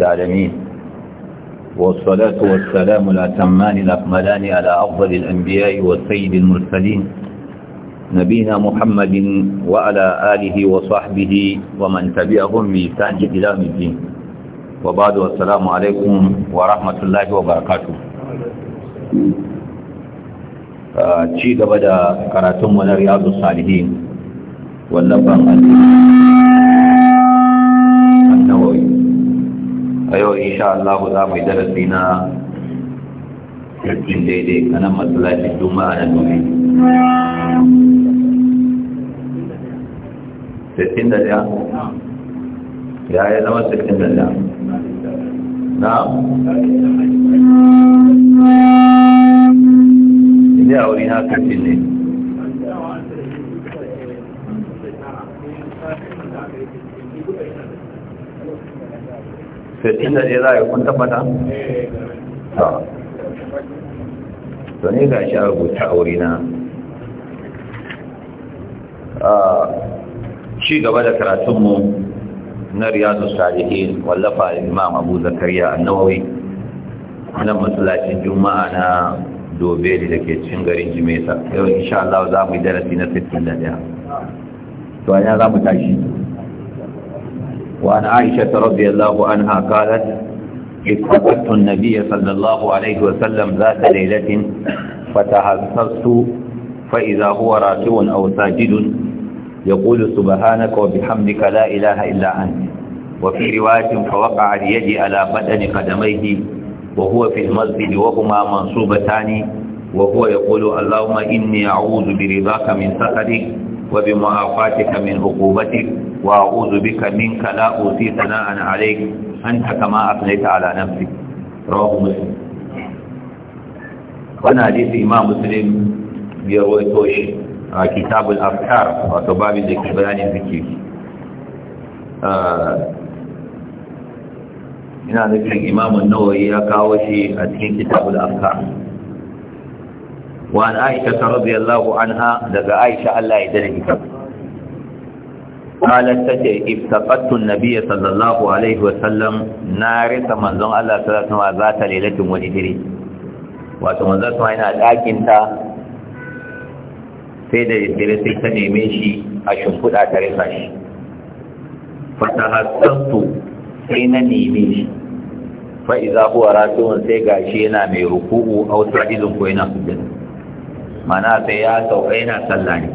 العالمين والصلاة والسلام الأتمان الأكملان على أفضل الأنبياء والسيد المرسلين نبينا محمد وعلى آله وصحبه ومن تبعهم بإحسان إلى الدين وبعد والسلام عليكم ورحمة الله وبركاته ci gaba da karatunmu na riyadu salihin wallafan annawawi a yau insha Allah za mu yi darasi na cikin daidai a nan matsalacin juma'a da nuni sittin da ɗaya ya yi zama sittin da ɗaya na inda a wuri na sittin ne fitin da za a yi kun tabbata? to ne ga shi a rubuta a wurina ci gaba da karatunmu na riyadu salihin wallafa imam abu zakariya annawawi na masallacin juma'a na dobe da ke cin garin jimeta yau insha Allah za mu yi darasi na 61 to ya za mu tashi وعن عائشة رضي الله عنها قالت افتقدت النبي صلى الله عليه وسلم ذات ليلة فتحسست فإذا هو راكع أو ساجد يقول سبحانك وبحمدك لا إله إلا أنت وفي رواية فوقع اليد على بدن قدميه وهو في المسجد وهما منصوبتان وهو يقول اللهم إني أعوذ برضاك من سخطك وبمعافاتك من عقوبتك وأعوذ بك منك لا أوتي ثناء عليك أنت كما أثنيت على نفسك رواه مسلم وانا حديث إمام مسلم يرويتوش كتاب الأفكار وتباب ذكر بيان الذكر ina nufin imamun nawawi ya kawo shi a cikin kitabul afkar wa an aisha ta radiyallahu anha daga aisha Allah ya dalili ka qalat ta iftaqattu an-nabiy sallallahu alayhi wa sallam nari ta manzon Allah sallallahu alaihi wa sallam zata lailatin wadidiri wato manzon sa yana dakin ta sai da dire sai ta neme shi a shimfuda ta rufa shi fatahattu sai na neme shi fa idza huwa sai gashi yana mai ruku'u aw sa'idun ko yana sujjada mana sai ya sauka yana sallah ne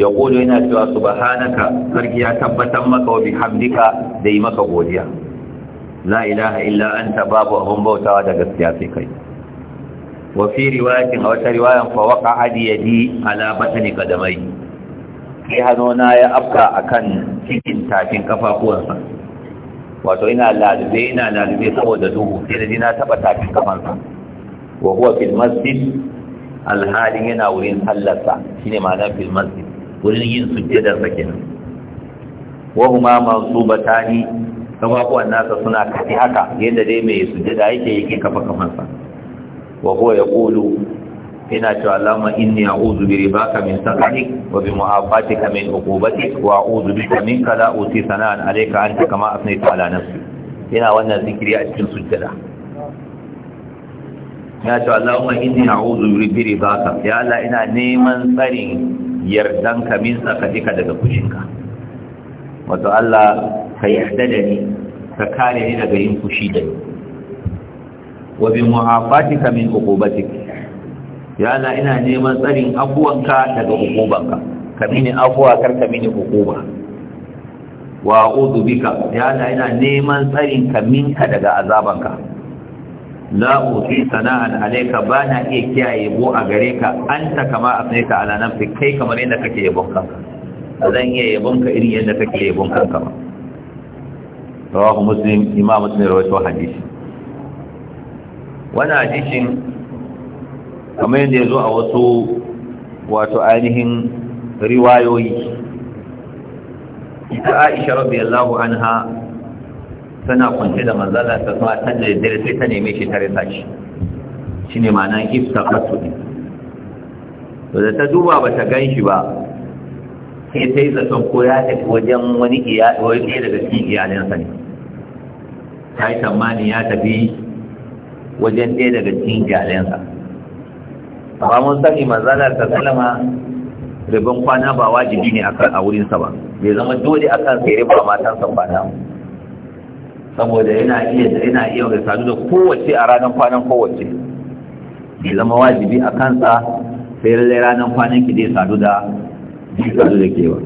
ya kodo yana cewa subhanaka sarki ya tabbatar maka wa bihamdika da yi maka godiya la ilaha illa anta babu abun bautawa da gaskiya sai kai wa fi riwayatin a wata riwayan fa waqa hadi yadi ala batni qadamai sai hannuna ya afka akan cikin tafin kafafuwansa wato ina lalube ina lalube saboda duhu sai da na taba tafin kafansa wa huwa fil masjid alhalin yana wurin sallarsa shine ma'ana fil masjid wurin yin sujjadar sa kenan wa huma mansubatani kafafuwan nasa suna kafi haka yadda dai mai sujjada yake yake kafa kamarsa. wa ya yaqulu ina cewa Allahumma inni a'udhu bi ka min sakatik wa bi mu'afatika min uqubatik wa a'udhu bika min kala uti sana'an alayka anta kama asnayta ala nafsi ina wannan zikiri a cikin sujjada ya ce Allahumma inni a'udhu bika ridaka ya Allah ina neman tsarin ka min dika daga fushinka wato Allah kai yarda da ni ka kare ni daga yin fushi da ni wa bi mu'afatika min uqubatik ya Allah ina neman tsarin abuwanka daga hukubanka ka mini abuwa kar ka mini hukuma wa a'udhu bika ya Allah ina neman tsarin ka minka daga azabanka la uti sana'an alayka ba na iya kiyaye bo a gare ka anta kama asnaita ala nafsi kai kamar yadda kake yabon kanka zan iya yabon ka irin yadda kake yabon kanka ba rawahu muslim imam muslim rawaito hadisi wannan hadisin kamar yadda ya zo a wasu wato ainihin riwayoyi ita aisha radiyallahu anha suna kwance da manzala ta kuma ta da dare sai ta neme shi ta rasa shi shine ma'anar iftaqatu ne to da ta duba ba ta gan shi ba sai ta yi zaton ko ya tafi wajen wani iyali ɗaya daga cikin iyalinsa ne ta yi tsammani ya tafi wajen ɗaya daga cikin iyalinsa ba mun sani manzala ta salama ribin kwana ba wajibi ne a wurinsa ba bai zama dole akan sai riba matansa ba kwana saboda yana iya da yana iya da sadu da kowace a ranar kwanan kowace bai zama wajibi a kansa sai lallai ranar kwanan ki dai sadu da zai sadu da kewa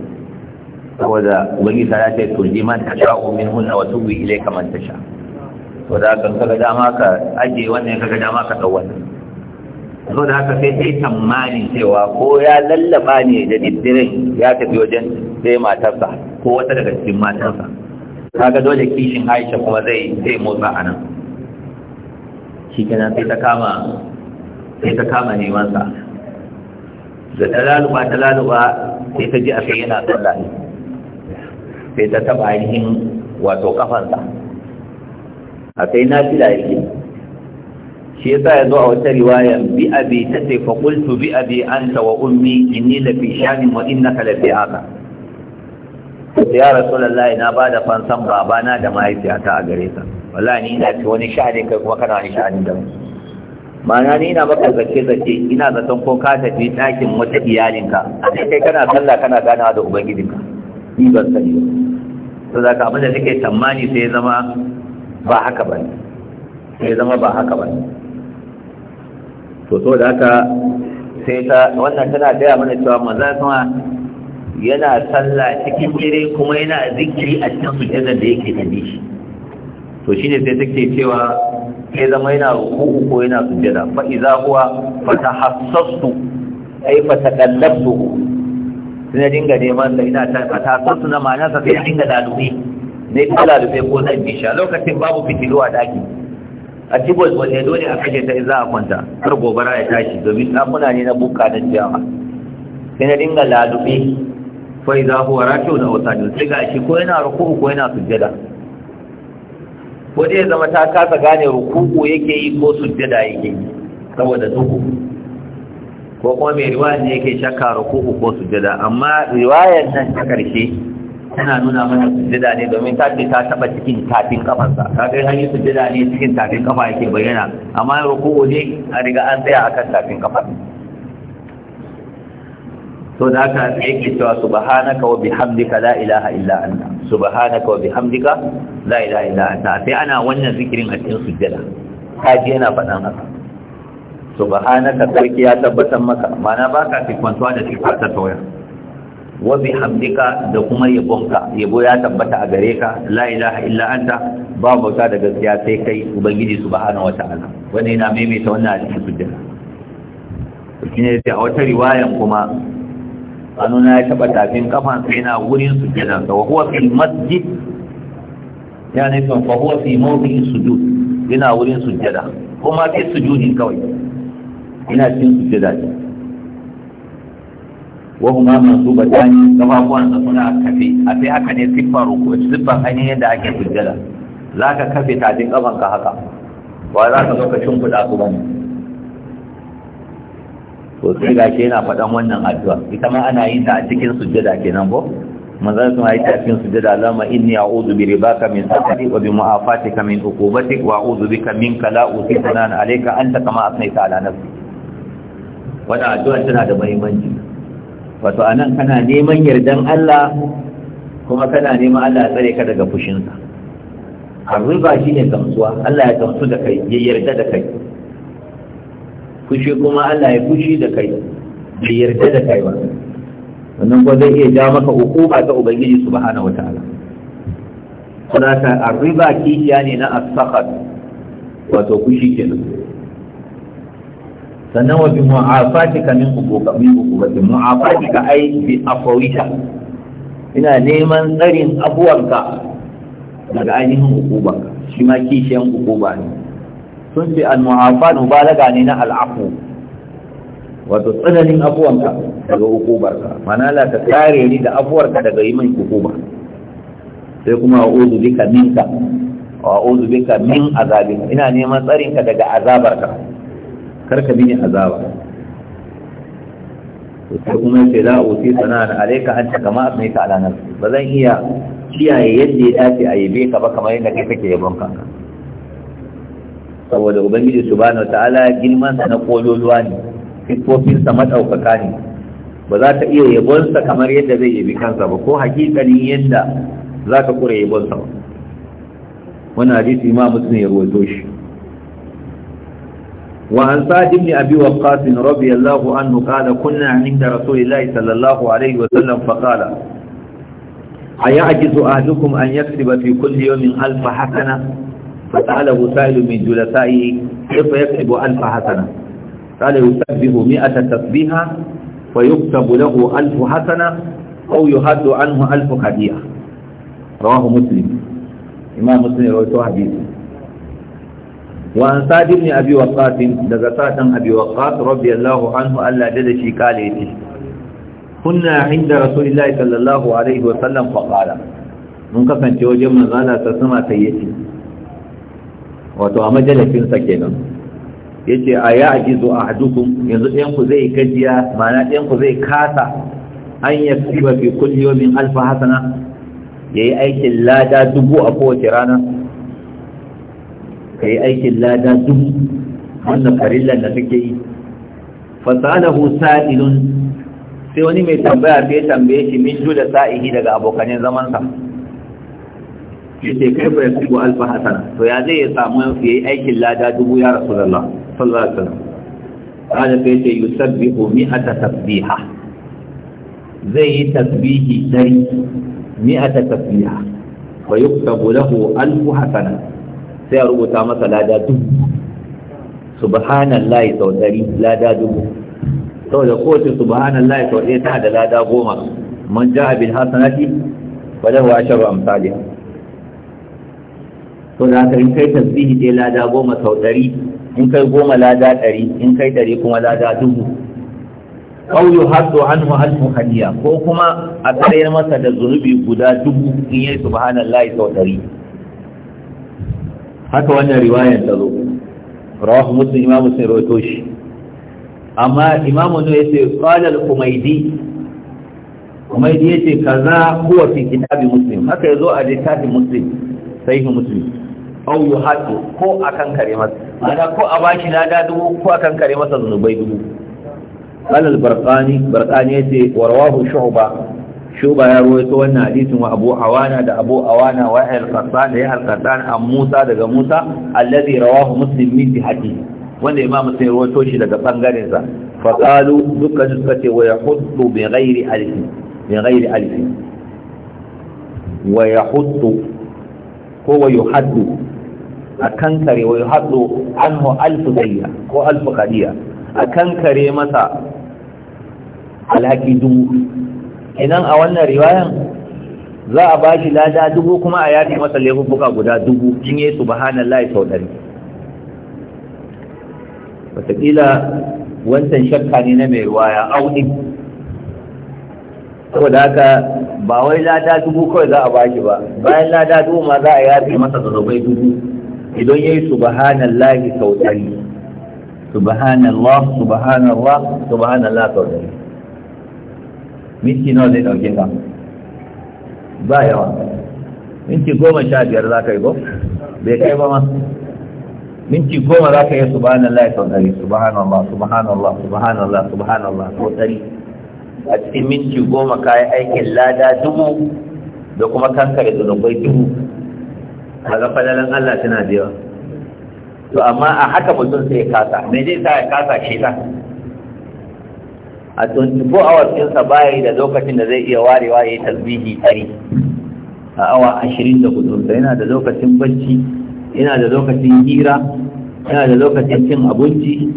saboda wani ta ce turji man ta sha umin hunna wa tubu ilai kaman ta sha to da haka kaga dama ka ajiye wannan kaga dama ka dau wannan to da haka sai ta yi cewa ko ya lallaba ne da diddirin ya tafi wajen sai matarsa ko wata daga cikin matarsa kaga dole kishin Aisha kuma zai zai motsa anan shikenan sai ta kama sai ta kama neman sa da ba, dalalu ba, sai ta ji a kai yana sallah sai ta taba ainihin wato sa a kai na fi yake shi yasa ya zo a wata riwaya bi abi ta ce fa qultu bi abi anta wa ummi inni la fi shani wa innaka la fi aka ya rasulullahi na ba da fansan babana da mahaifiyata a gare ka wallahi ni ina ci wani sha'ani kai kuma kana wani sha'ani da mu ma'ana ni ina maka zace zace ina zaton ko ka tafi ɗakin wata iyalinka a kai kana sallah kana gana da ubangijinka ni ban sani ba to da ka abinda take tsammani sai zama ba haka ba sai zama ba haka ba to to da haka sai ta wannan tana gaya mana cewa manzon sama yana sallah cikin dare kuma yana zikiri a cikin sujjadar da yake da shi to shine sai take cewa sai zama yana ruku ko yana sujjada fa idza huwa fatahassastu ay fataqallabtu sai dinga neman sai ina ta fatahassastu na ma'ana sa sai dinga dubi ne kala da sai ko na bisha lokacin babu fitilu a daki a cibos wani dole a kashe ta za a kwanta har gobara ya tashi domin ɗakuna ne na buka na jiyawa. sai na dinga lalube fa idza huwa raki'un aw sajid sai ga shi ko yana ruku'u ko yana sujjada ko dai zama ta kasa gane ruku'u yake yi ko sujjada yake yi saboda duhu ko kuma mai riwaya ne yake shakka ruku'u ko sujjada amma riwayar nan ta karshe tana nuna mana sujjada ne domin ta ce ta taba cikin tafin kafansa ta kai hanyar sujjada ne cikin tafin kafa yake bayyana amma ruku'u ne a riga an tsaya akan tafin kafa so da haka yake cewa subhanaka wa bihamdika la ilaha illa anta subhanaka wa bihamdika la ilaha illa anta sai ana wannan zikirin a cikin sujjada kaji yana faɗan haka subhanaka sarki ya tabbatar maka mana ba baka fikwantuwa da sifar ta tauya wa bihamdika da kuma yabonka yabo ya tabbata a gare ka la ilaha illa anta Ba bauta da gaskiya sai kai ubangiji subhanahu wataala wannan yana maimaita wannan a cikin sujjada shine sai a wata riwayan kuma hannuna ya taba tafin kafan sai na wurin su kenan sa wa huwa fi masjid ya ne kan fa huwa fi mawdi'i sujud ina wurin sujjada kuma fi sujudi kawai ina cikin sujjada ne wa huma mansubatani kafafuwan sa suna kafe a sai haka ne siffar ruku siffar ainihin yadda ake sujjada zaka kafe tafin ka haka ba za ka zo ka shimfiɗa su ne. to sai gashi yana faɗan wannan addu'a ita ma ana yin ta a cikin sujjada kenan ko manzon sun ayi ta cikin sujjada Allahumma inni a'udhu bi ribaka min sakati wa bi mu'afatika min uqubatik wa a'udhu bika minka la usiku nan alayka anta kama ta ala nafsi wannan addu'a tana da muhimmanci wato anan kana neman yardan Allah kuma kana neman Allah ya tsare ka daga fushinsa shi shine gamsuwa Allah ya gamsu da kai ya yarda da kai fushi kuma Allah ya fushi da kai bai yarda da kai ba wannan ko zai iya ja maka hukuma ta ubangiji subhanahu wataala kuna ta arriba kishiya ne na Asfakar, wato fushi nan. sannan wa bi mu'afatika min ubuka min ubukati mu'afatika ai bi afawita ina neman tsarin abuwanka daga ainihin hukuma shi ma kishiyan hukuma ne sun ce al-mu'afa mubalaga ne na al'afu wato tsananin afuwanka daga hukubarka mana la ka kare ni da afuwarka daga yi min hukuma sai kuma a'udhu bika minka wa a'udhu bika min azabin ina neman tsarinka daga azabarka karka bi ni azaba sai kuma ce la uti da alayka anta kama asmaita ala Ba bazan iya kiyaye yadda ya dace a yabe ba kamar yadda kai kake yabon kanka saboda ubangiji subhanahu ta'ala girman sa na kololuwa ne sifofin sa madaukaka ne ba za ta iya yabon sa kamar yadda zai yabi kansa ba ko hakikanin yadda za ka kure yabon sa ba wannan hadisi imam mutum ya rawaito shi وعن سعد بن أبي وقاص رضي الله عنه قال كنا عند رسول الله صلى الله عليه وسلم فقال أيعجز أهلكم an يكسب في كل يوم ألف حسنة فسأله سائل من جلسائه كيف يكتب ألف حسنة قال يسبه مئة تسبيحة فيكتب له ألف حسنة أو يهد عنه ألف هدية رواه مسلم إمام مسلم رويته حديثه وعن سعد بن أبي وقاص دغ سعد أبي وقاص رضي الله عنه ألا جد شي قال كنا عند رسول الله صلى الله عليه وسلم فقال من كفن توجه من غالا تسمى سيتي wato a sa kenan ya ce a ya ajizo a hadukun yanzu ɗanku zai gajiya mana ɗanku zai kasa an ya kiba fi yawmin alfa hasana ya yi aikin lada dubu a kowace rana ka yi aikin lada dubu wannan farillan da take yi fasalahu sa'ilun sai wani mai tambaya sai tambaye shi min da sa'ihi daga abokanin zamansa yace kai ba fa yasibu alfa hasan to ya zai ya samu yayi aikin lada dubu ya rasulullah sallallahu alaihi wasallam ta fa yace yusabbihu mi'ata tasbiha zai yi tasbihi dari mi'ata tasbiha wa yuktabu lahu alfu hasana sai a rubuta masa lada dubu subhanallahi sau dari lada dubu saboda kowace subhanallahi sau ɗaya ta da lada goma man ja'a bil hasanati falahu asharu amsalha to da haka in kai tasbihi dai lada goma sau ɗari in kai goma lada ɗari in kai ɗari kuma lada dubu aw haddu anhu alfu hadiya ko kuma a tsayar masa da zunubi guda dubu in yi subhanallahi sau ɗari haka wannan riwayar ta zo rawah muslim imamu sun rawaito shi amma imamu ne yace qala al kumaidi humaydi yace kaza huwa fi kitabi muslim haka yazo a littafin muslim sahihi muslim au yi haɗu ko a kan kare masa ana ko a bashi lada dubu ko a kan kare masa zunubai dubu alal barqani barqani yace warwahu shu'ba shuba ya rawaito wannan hadisin wa abu hawana da abu awana wa al qasan da ya al qasan an musa daga musa alladhi rawahu muslim min bi jihati wanda imamu sai rawaito shi daga bangaren sa fa qalu dukkan suka wa yahuddu bi ghairi alif bi ghairi alif wa yahuddu ko wa yuhaddu a kankare haɗo an anhu alfu zayya ko alfu qadiya a kankare masa alhaki dubu idan a wannan riwayan za a bashi lada dubu kuma a yafi masa laifuka guda dubu in yi subhanallahi sau ɗari wataƙila wancan shakka ne na mai ruwaya auni saboda haka ba wai lada dubu kawai za a bashi ba bayan lada dubu ma za a yafi masa zazzabai dubu idan yayi subhanallahi sau ɗari subhanallah subhanallah subhanallah sau ɗari minti nawa zai ɗauke ka ba yawa minti goma sha biyar za ka yi ba bai kai ba ma minti goma za ka yi subhanallah sau ɗari subhanallah subhanallah subhanallah subhanallah sau ɗari a cikin minti goma ka yi aikin lada dubu da kuma kankare zunubai dubu kaga falalan Allah tana da yawa to amma a haka mutum sai ya kasa me zai sa ya kasa shi ta a 24 hours sa bai da lokacin da zai iya warewa ya yi tasbihi tari a awa ashirin da hudu da yana da lokacin bacci yana da lokacin hira yana da lokacin cin abinci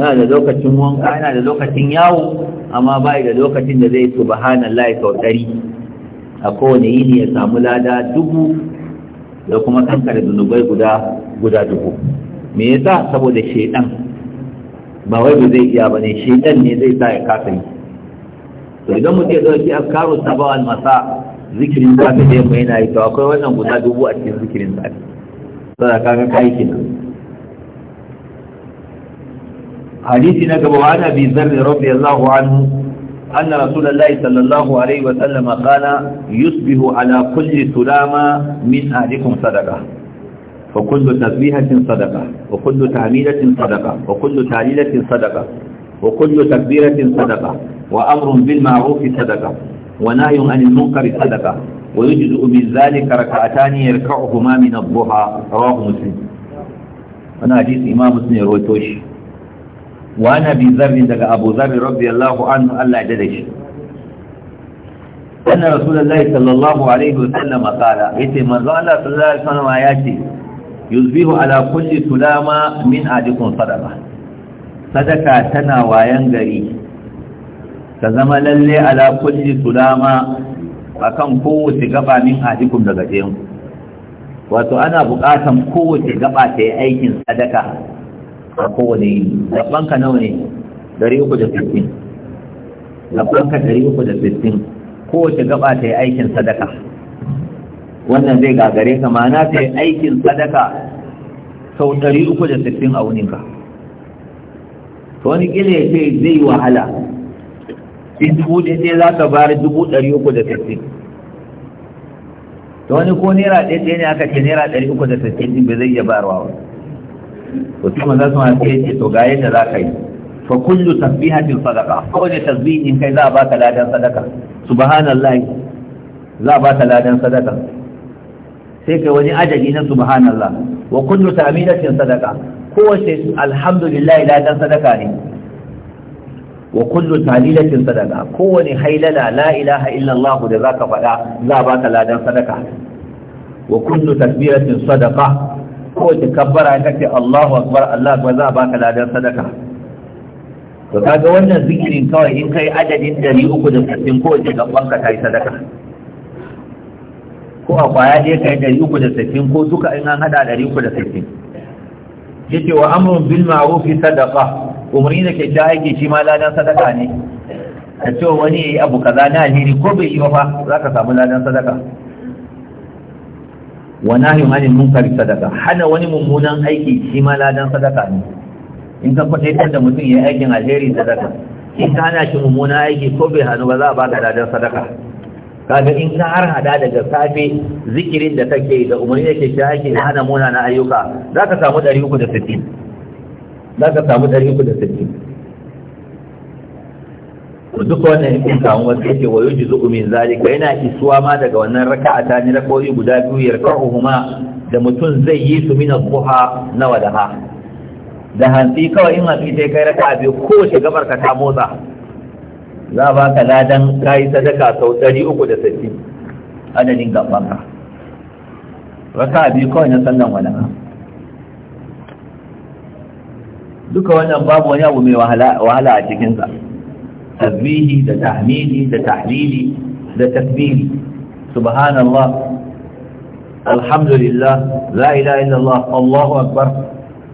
yana da lokacin wanka yana da lokacin yawo amma bai da lokacin da zai subhanallahi sau dari a kowane yini ya samu lada dubu da kuma kankare zunubai guda guda dubu me yasa saboda shedan ba wai ba zai iya ba ne shedan ne zai sa ya kasa yi to idan mu ce dauki afkaru sabah al masa zikirin safe da yamma yana yi to akwai wannan guda dubu a cikin zikirin safe saboda kaga kai kenan hadisi na gaba wa ana bi zarri radiyallahu anhu أن رسول الله صلى الله عليه وسلم قال يصبح على كل سلامة من أهلكم صدقة وكل تسبيحة صدقة وكل تعميلة صدقة وكل تعليلة صدقة وكل تكبيرة صدقة وأمر بالمعروف صدقة ونهي عن المنكر صدقة ويجزء من ذلك ركعتان يركعهما من الضحى رواه مسلم أنا حديث إمام مسلم رويتوش wa na bi zarri daga abu zarri radiyallahu anhu Allah ya dade shi anna rasulullahi sallallahu alaihi wa sallam qala yace manzo Allah sallallahu alaihi wa sallam ya ce yuzbihu ala kulli sulama min adikum sadaqa sadaka tana wayan gari ta zama lalle ala kulli sulama akan kowace gaba min adikum daga ɗayan wato ana buƙatan kowace gaba ta yi aikin sadaka a kowane yini zaɓanka nawa ne dari uku da sittin zaɓanka dari uku da sittin kowace gaba ta yi aikin sadaka wannan zai gagare ka ma'ana ta yi aikin sadaka sau dari uku da sittin a wuninka to wani ƙila ya ce zai wahala in dubu ɗaya za ka bayar dubu ɗari uku da sittin to wani ko naira ɗaya ne aka ce naira ɗari uku da sittin ɗin ba zai iya bayarwa ba to sai manzo sama sai ce to ga yadda za ka yi fa kullu tasbihatin sadaqa kowane tasbihin kai za a baka ladan sadaka subhanallahi za a baka ladan sadaka sai kai wani adadi na subhanallah wa kullu ta'midatin sadaqa kowace alhamdulillah ladan sadaka ne wa kullu talilatin sadaka kowane hailala la ilaha illallah da zaka faɗa za a baka ladan sadaka wa kullu takbiratin sadaka Ko ki kabbara ka ce Allahu akbar Allah ba za a baka ladan sadaka to kaga wannan zikirin kawai in kai adadin dari uku da sittin ko gaban ka kai yi sadaka ko a baya dai kai dari uku da sittin ko duka in an haɗa dari uku da sittin yake wa amrun bil ma'ruf sadaqa umarni da ke ta aiki shi ma ladan sadaka ne a ce wani ya yi abu kaza na alheri ko bai yi ba zaka za ka samu ladan sadaka wa nahi anil munkari sadaka hana wani mummunan aiki shi ma ladan sadaka ne in ka kwataitar da mutum ya aikin alheri sadaka in ka hana shi mummunan aiki ko bai hannu ba za a baka ladan sadaka kaga in ka har hada daga safe zikirin da kake da umarni ke shi aiki da hana munana ayyuka za ka samu 360 za ka samu 360 duk wannan in samu wasu yake wayo ji zuɓu min zalika yana isuwa ma daga wannan raka a tani rakoyi guda biyu yarka'uhuma da mutum zai yi su minar buha na wadaha da hantsi kawai in hantsi sai kai raka biyu kowace gabar ka ta motsa za a baka ladan kayi sadaka sau ɗari uku da sittin adadin ka, raka biyu kawai na sallan wadaha duka wannan babu wani abu mai wahala a cikinsa tasbihi da tahmidi da tahlili da takbiri subhanallah alhamdulillah la ilaha illallah allahu akbar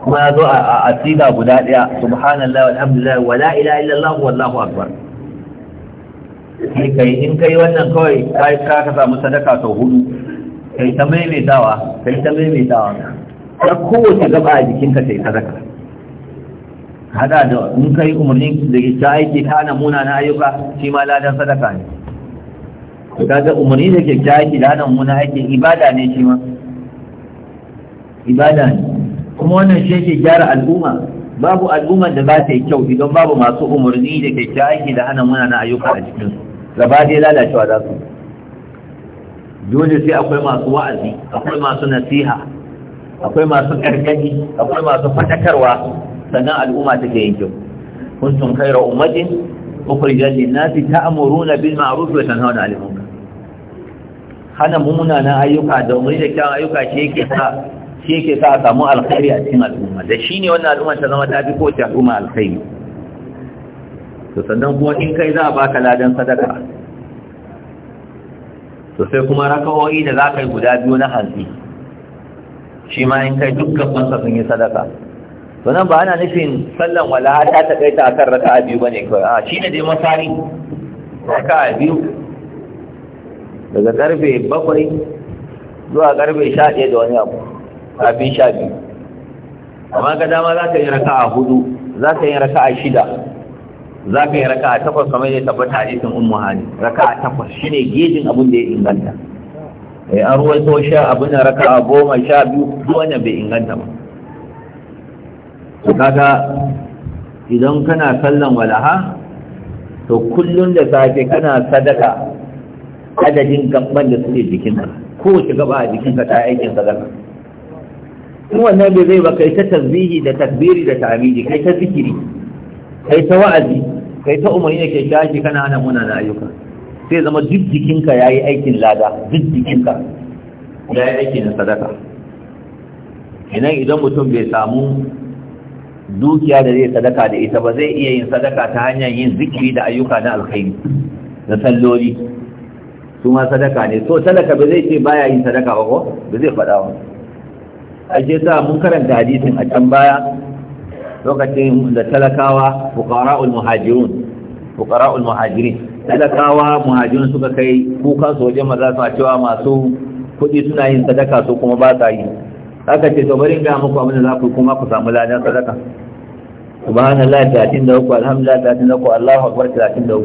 kuma ya a asida guda daya subhanallah walhamdulillah wa la ilaha illallah wallahu akbar sai in kai wannan kawai kai ka samu sadaka sau hudu kai ta maimaitawa kai ta maimaitawa har kowace gaba a jikinka sai sadaka hada da in kai umarni da ta aiki ta hana munana ayyuka shi ma ladan sadaka ne kaga umarni da ta aiki da hana munana aiki ibada ne shi ma ibada ne kuma wannan shi yake gyara al'umma babu al'ummar da ba ta yi kyau idan babu masu umarni da ta aiki da hana munana ayyuka a cikinsu gaba dai lalacewa za su dole sai akwai masu wa'azi akwai masu nasiha akwai masu ƙarƙari akwai masu faɗakarwa sannan al'umma take yin kyau kuntum khayra ummatin ukhrijat lin-nasi ta'muruna bil ma'ruf wa tanhauna 'anil munkar hana mumunanan ayyuka da umarni da kyawun ayyuka shi yake sa shi yake sa a samu alkhairi a cikin al'umma da shi ne wannan al'umma ta zama ta fi kowace al'umma alkhairi to sannan kuma in kai za a baka ladan sadaka to sai kuma rakawoyi da za ka yi guda biyu na hantsi shi ma in kai duk gabansa sun yi sadaka to nan ba ana nufin sallan walaha ta takaita akan raka'a biyu bane kawai a shine dai masari raka'a biyu daga karfe bakwai zuwa karfe sha ɗaya da wani abu kafin sha biyu amma ka dama za ka yi raka'a hudu za ka yi raka'a shida za ka yi raka'a takwas kamar yadda tabbata hadisin ummu hani raka'a takwas shine gejin abin da ya inganta eh, an ruwaito sha abin raka'a goma sha biyu duk wannan bai inganta ba kaga idan kana sallan walaha to kullum da safe kana sadaka adadin gaban da suke jikinka kowace gaba a jikinka ta aikin sadaka in wannan bai zai ba kai ta tasbihi da takbiri da ta'amidi kai ta zikiri kai ta wa'azi kai ta umarni da ke shashi kana hana muna na ayyuka sai zama duk jikinka ya yi aikin lada duk jikinka ya yi aikin sadaka idan idan mutum bai samu dukiya da zai sadaka da ita ba zai iya yin sadaka ta hanyar yin zikiri da ayyuka na alkhairi da salloli su ma sadaka ne so talaka ba zai ce baya yin sadaka ba ko ba zai faɗa wa ake sa mun karanta hadisin a can baya lokacin da talakawa fuqara'ul muhajirun fuqara'ul muhajirin talakawa muhajirun suka kai kuka su wajen maza su a cewa masu kuɗi suna yin sadaka su kuma ba sa yi aka ce to bari in ga muku abin da za ku kuma ku samu ladan sadaka subhanallahi uku alhamdulillah uku Allahu akbar uku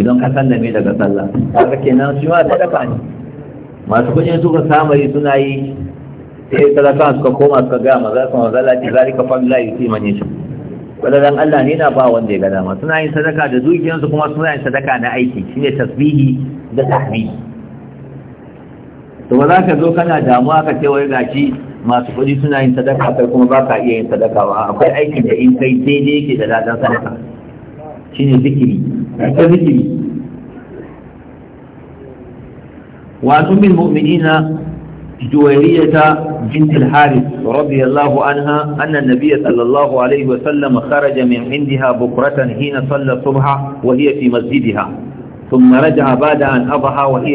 idan ka san me daga sallah haka kenan shi ma sadaka ne masu kuɗi suka samari suna yi sai sadaka suka koma suka ga maza su maza lati zalika fadla yuti yi yasha dan Allah ne na ba wanda ya ga dama suna yin sadaka da dukiyansu kuma suna yin sadaka na aiki shine tasbihi da tahmidi to ba za ka zo kana damuwa ka ce wai gashi masu kuɗi suna yin sadaka kai kuma ba ka iya yin sadaka ba akwai aikin da in kai daidai yake da ladan sadaka shine zikiri ta zikiri wa tumil mu'minina جويرية بنت الحارث رضي الله عنها أن النبي صلى الله عليه وسلم خرج من عندها بكرة حين ثم رجع بعد وهي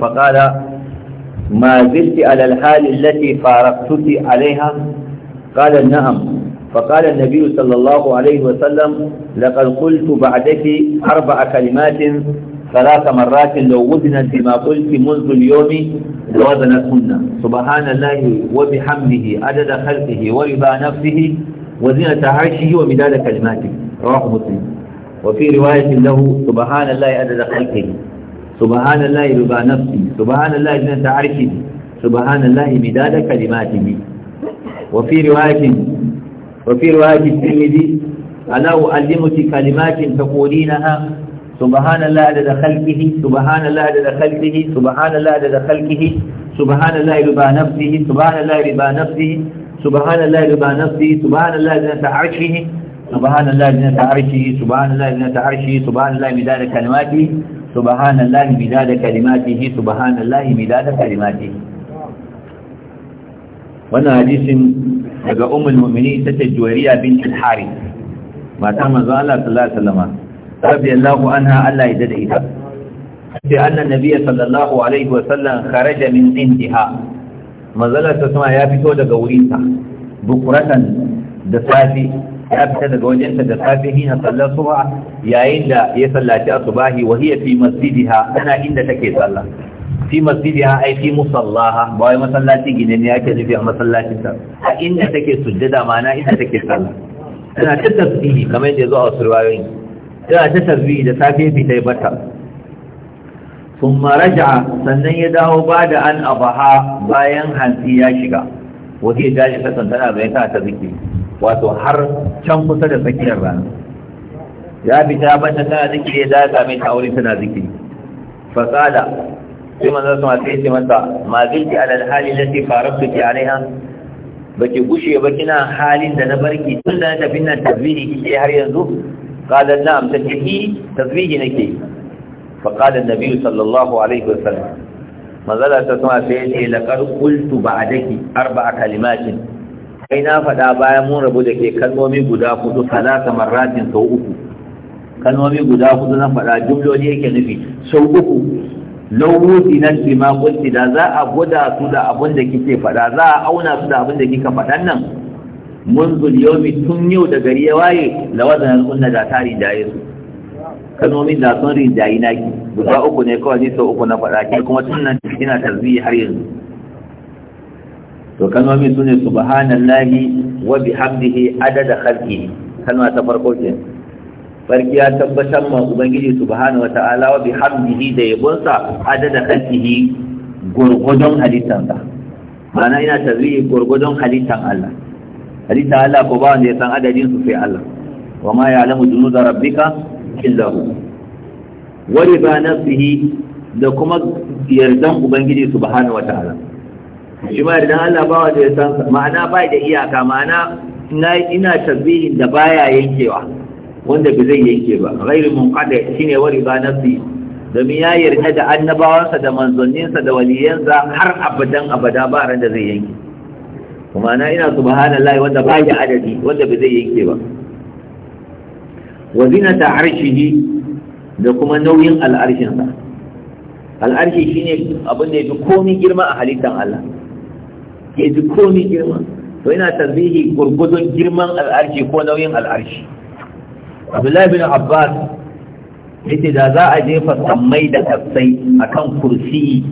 فقال ما زلت على الحال التي فارقتك عليها قال نعم فقال النبي صلى الله عليه وسلم لقد قلت بعدك أربع كلمات ثلاث مرات لو وزنت بما قلت منذ اليوم لوزنتهن سبحان الله وبحمده عدد خلقه ورضا نفسه وزنة عرشه ومداد كلماته رواه مسلم وفي رواية له سبحان الله عدد خلقه subhanallahi ruba nafsi subhanallahi min ta'arshi subhanallahi midada kalimatihi wa fi riwayatin wa fi riwayatin tirmidhi ala uallimuki kalimatin taqulinaha subhanallahi adada khalqihi subhanallahi adada khalqihi subhanallahi adada khalqihi subhanallahi ruba nafsihi subhanallahi riba nafsihi subhanallahi ruba nafsihi subhanallahi min ta'arshihi subhanallahi min ta'arshihi subhanallahi min ta'arshihi subhanallahi midada kalimatihi subhanallahi midada kalimatihi subhanallahi midada kalimatihi wannan hadisin daga ummul ta ce juwariya bint al-harith mata manzo Allah sallallahu alaihi wasallam radiyallahu anha Allah ya dade ita sai annan nabiyyi sallallahu alaihi wasallam kharaja min indiha manzo Allah sallallahu ya fito daga wurinta bukuratan da safe. ya fita daga wajenta da safe hina sallar subha yayin da ya sallaci asubahi wa hiya fi masjidiha tana inda take sallah fi masjidiha ai fi musallaha ba wai masallaci gine ne yake nufi a masallacin ta a inda take sujjada ma'ana inda take sallah tana ta tasbihi kamar yadda zuwa wasu riwayoyi tana ta tasbihi da safe bi ta yi bata sun maraja sannan ya dawo ba da an abaha bayan hansi ya shiga wahi dalilatan tana bayan ta zikiri wato har can kusa da tsakiyar rana ya fita ya bata tana zikiri ya daga mai ta aure tana zikiri fasada sai manzon sama sai ce mata ma zikri ala alhali lati farabtu ki alaiha baki gushe ba kina halin da na barki tun da na tafi nan tasbihi kike har yanzu qala na'am take yi tasbihi nake fa qala an-nabi sallallahu alaihi wasallam manzon sama sai ce laqad qultu ba'daki arba'a kalimatin kai na faɗa bayan mun rabu da ke kalmomi guda hudu kamar ratin sau uku kalmomi guda hudu na faɗa jumloli yake nufi sau uku lauruti nan fi ma da za a guda su da abin da kike faɗa za a auna su da abin da kika faɗan nan mun zulyomi tun yau da gari ya waye lawazan al'unna da ta rinjaye su kalmomi da sun rinjayi naki guda uku ne kawai ni sau uku na faɗa ke kuma tun nan ina tarbiyya har yanzu to kalmomi su ne subhanallahi wa bihamdihi adada khalqihi kalma ta farko ce farki ya tabbatar ma ubangiji subhanahu wata'ala wa bihamdihi da yabonsa adada khalqihi gurgudun halittansa Mana ina tazrihi gurgudun halittan Allah halittan Allah ko ba wanda ya san adadin su sai Allah wa ma ya'lamu junuda rabbika illa hu wa riba nafsihi da kuma yardan ubangiji subhanahu wata'ala shi ma idan Allah ba wanda ya san ma'ana bai da iyaka ma'ana ina tabbihin da baya yankewa wanda ba zai yanke ba ghairu munqada shine wari ba nafsi domin ya yarda da annabawansa da manzanninsa da waliyansa har abadan abada ba ran da zai yanke kuma na ina subhanallahi wanda ba ya adadi wanda ba zai yanke ba wazina ta arshihi da kuma nauyin al'arshinsa al'arshi shine abin da yafi komai girma a halittar Allah ya ji komi girma to yana tasbihi gurgudun girman al'arshi ko nauyin al'arshi abdullahi bin abbas yace da za a jefa tsammai da kasai akan kursi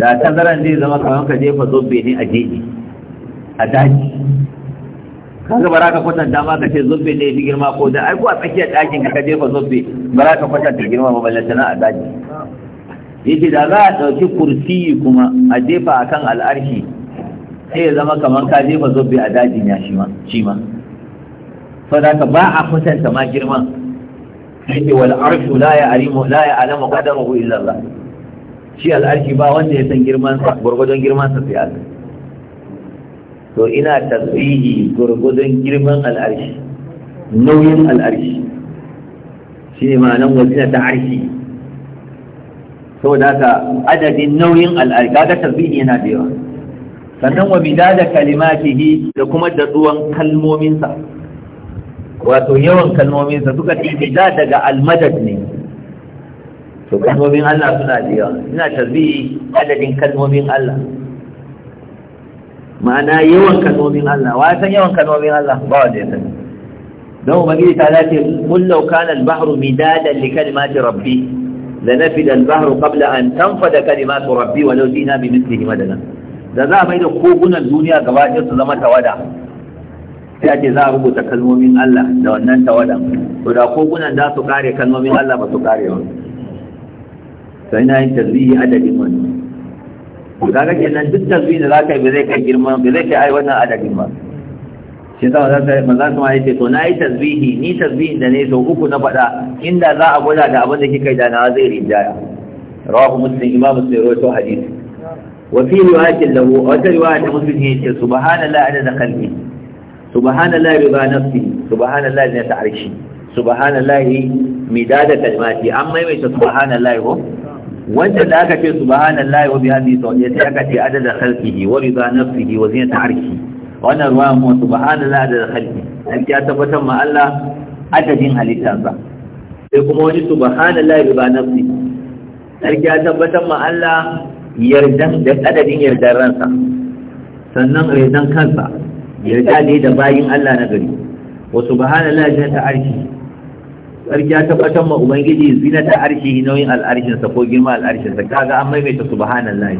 da tazaran zai zama kamar ka jefa zobe ne a jeji a daji kaga ba ka kwatanta ma ka ce zobe ne fi girma ko da ai a tsakiyar dakin ka jefa zobe ba ka kwatanta girma ba ballantana a daji yace da za a ɗauki kursiyi kuma a jefa akan al'arshi sai ya zama kamar ka jefa zobe a dajin ya shi ma saboda ba a kusanta ma girman yake wal arshu la ya arimu la ya alamu hu illa Allah shi al'arshi ba wanda ya san girman sa gurgudun girman sa sai Allah to ina tasbihi gurgudun girman al'arshi nauyin al'arshi shi ne ma'anan wazina ta arshi saboda haka adadin nauyin al'ari kaga tasbihi yana da yawa sannan wa midada kalimatihi da kuma da kalmominsa wato yawan kalmominsa suka ce midad daga almadad ne to kalmomin Allah suna da yawa ina tasbihi adadin kalmomin Allah ma'ana yawan kalmomin Allah wa san yawan kalmomin Allah ba wanda ya sani don ubangiji ta zace kullau kana al-bahru midadan li kalimati rabbi lanafida al-bahru qabla an tanfada kalimatu rabbi wa law jina bi mithlihi madana da za a mai da kogunan duniya gaba ɗaya su zama tawada sai ce za a rubuta kalmomin Allah da wannan tawadan to da kogunan za su kare kalmomin Allah ba su kare ba sai na yi tazwihi adadin wannan to kaga nan duk tazwihi da za ka yi bai zai kai girma bai zai kai ai wannan adadin ba shi sama za ta manzan sama ya ce to na yi tasbihi ni tasbihin da ne sau uku na faɗa inda za a gwada da abin da kika yi da na zai rinjaya rawahu muslim imamu sai rawaito hadisi wa fi riwayatin lahu wata riwaya ta muslim ne ce "Subhanallah, subhanallahi adada qalbi subhanallahi riba nafsi subhanallahi ne ta arshi da midada kalmati an maimaita subhanallah, ko wanda da aka ce subhanallahi wa bihamdihi ta aka ce adada khalqihi wa riba nafsihi wa zinata arshihi wannan ruwa mu subhanallah da khalqi dan ya tabbatar ma Allah adadin halittarsa sai kuma wani su subhanallah bi nafsi sarki ya tabbatar ma Allah yardan da adadin yardan ransa sannan yardan kansa yarda ne da bayin Allah na gari wa subhanallah zinata arshi sarki ya tabbatar ma ubangiji zinata arshi nauyin al'arshinsa ko girma al'arshinsa kaga an maimaita subhanallah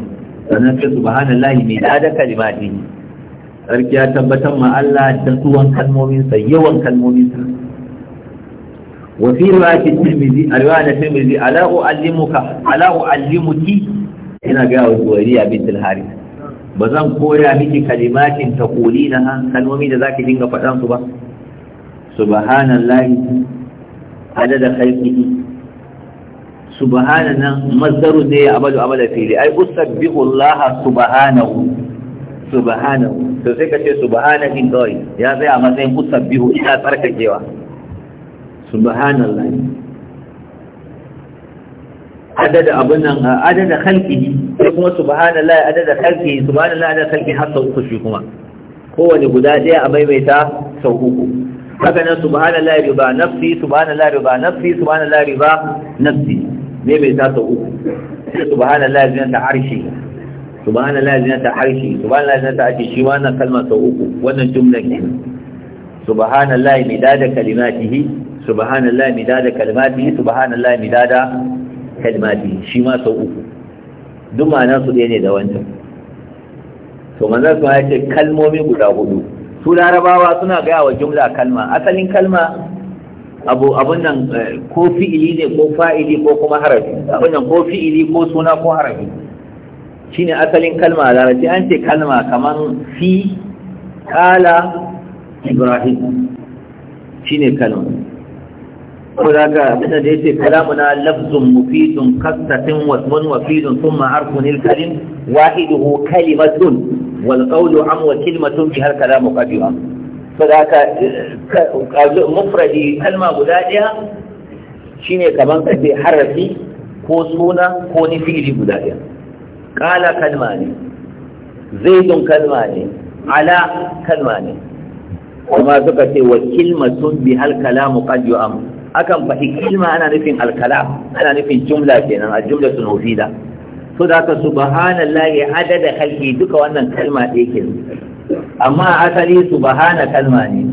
sannan sai subhanallah mai da kalimatihi sarki ya tabbatar ma Allah da tuwan kalmominsa yawan kalmominsa wa fi riwayati tirmidhi a riwayati tirmidhi ala uallimuka ala uallimuki ina ga wa juwariya bint al-harith bazan koya miki kalimatin taqulina kalmomi da zaki dinga fadan su ba subhanallahi adada khalqihi subhana nan mazdaru ne ya abadu abada fili ai usabbihu allaha subhanahu subhanahu to sai ka ce subhanahu kawai ya tsaya a matsayin usabbihu ina tsarkakewa subhanallahi adada abin nan adada halki, sai kuma subhanallahi adada khalqihi subhanallahi adada halki har sau uku shi kuma kowane guda daya a maimaita sau uku haka nan subhanallahi riba nafsi subhanallahi riba nafsi subhanallahi riba nafsi maimaita sau uku sai zai ta arshi subhanallahi zinata arshi subhanallahi zinata arshi shi wannan kalma sau uku wannan jumla ke subhanallahi midada kalimatihi subhanallahi midada kalimatihi subhanallahi midada kalimatihi shi ma sau uku duk ma'ana su ɗaya ne da wancan to manzon sun ya ce kalmomi guda hudu su larabawa suna gaya wa jumla kalma asalin kalma abu abun nan eh, ko fi'ili ne ko fa'ili ko kuma harafi abun nan ko fi'ili ko suna ko harafi shine asalin kalma a larabci an ce kalma kamar fi kala ibrahim shine kalma ko da ka abinda da yace kalamuna lafzun mufidun kasatin wasmun wafidun thumma harfun al-kalim wahiduhu kalimatun wal qawlu am wa kalimatun bi har kalamu qadima ko da ka mufradi kalma guda daya shine kamar kace harafi ko suna ko ni fi'ili guda ɗaya. Ƙala kalma ne zaidun kalma ne ala kalma ne kuma suka ce wa kilmatun bi hal kalamu qad yu'am akan faɗi kilma ana nufin alkalam ana nufin jumla kenan a jumla sun mufida so da haka subhanallahi adada halki duka wannan kalma ɗaya ke amma asali subhana kalma ne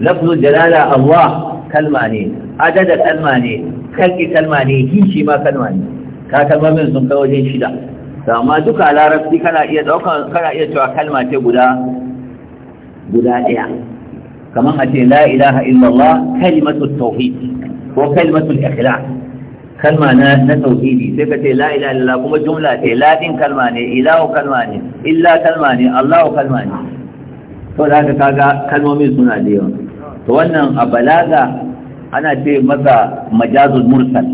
lafzul jalala Allah kalma ne adada kalma ne kalki kalma ne kishi ma kalma ne ka kalmomin sun kai wajen shida amma duka a larabci kana iya ɗaukar cewa kalma ce guda guda ɗaya kamar a ce la ilaha illallah kalimatu tauhid ko kalimatu ikhlas kalma na tauhidi sai ka ce la ilaha illallah kuma jumla ce la kalma ne ilahu kalma ne illa kalma ne allahu kalma ne to da haka kaga kalmomin suna da yawa to wannan a balaga ana ce masa majazul mursal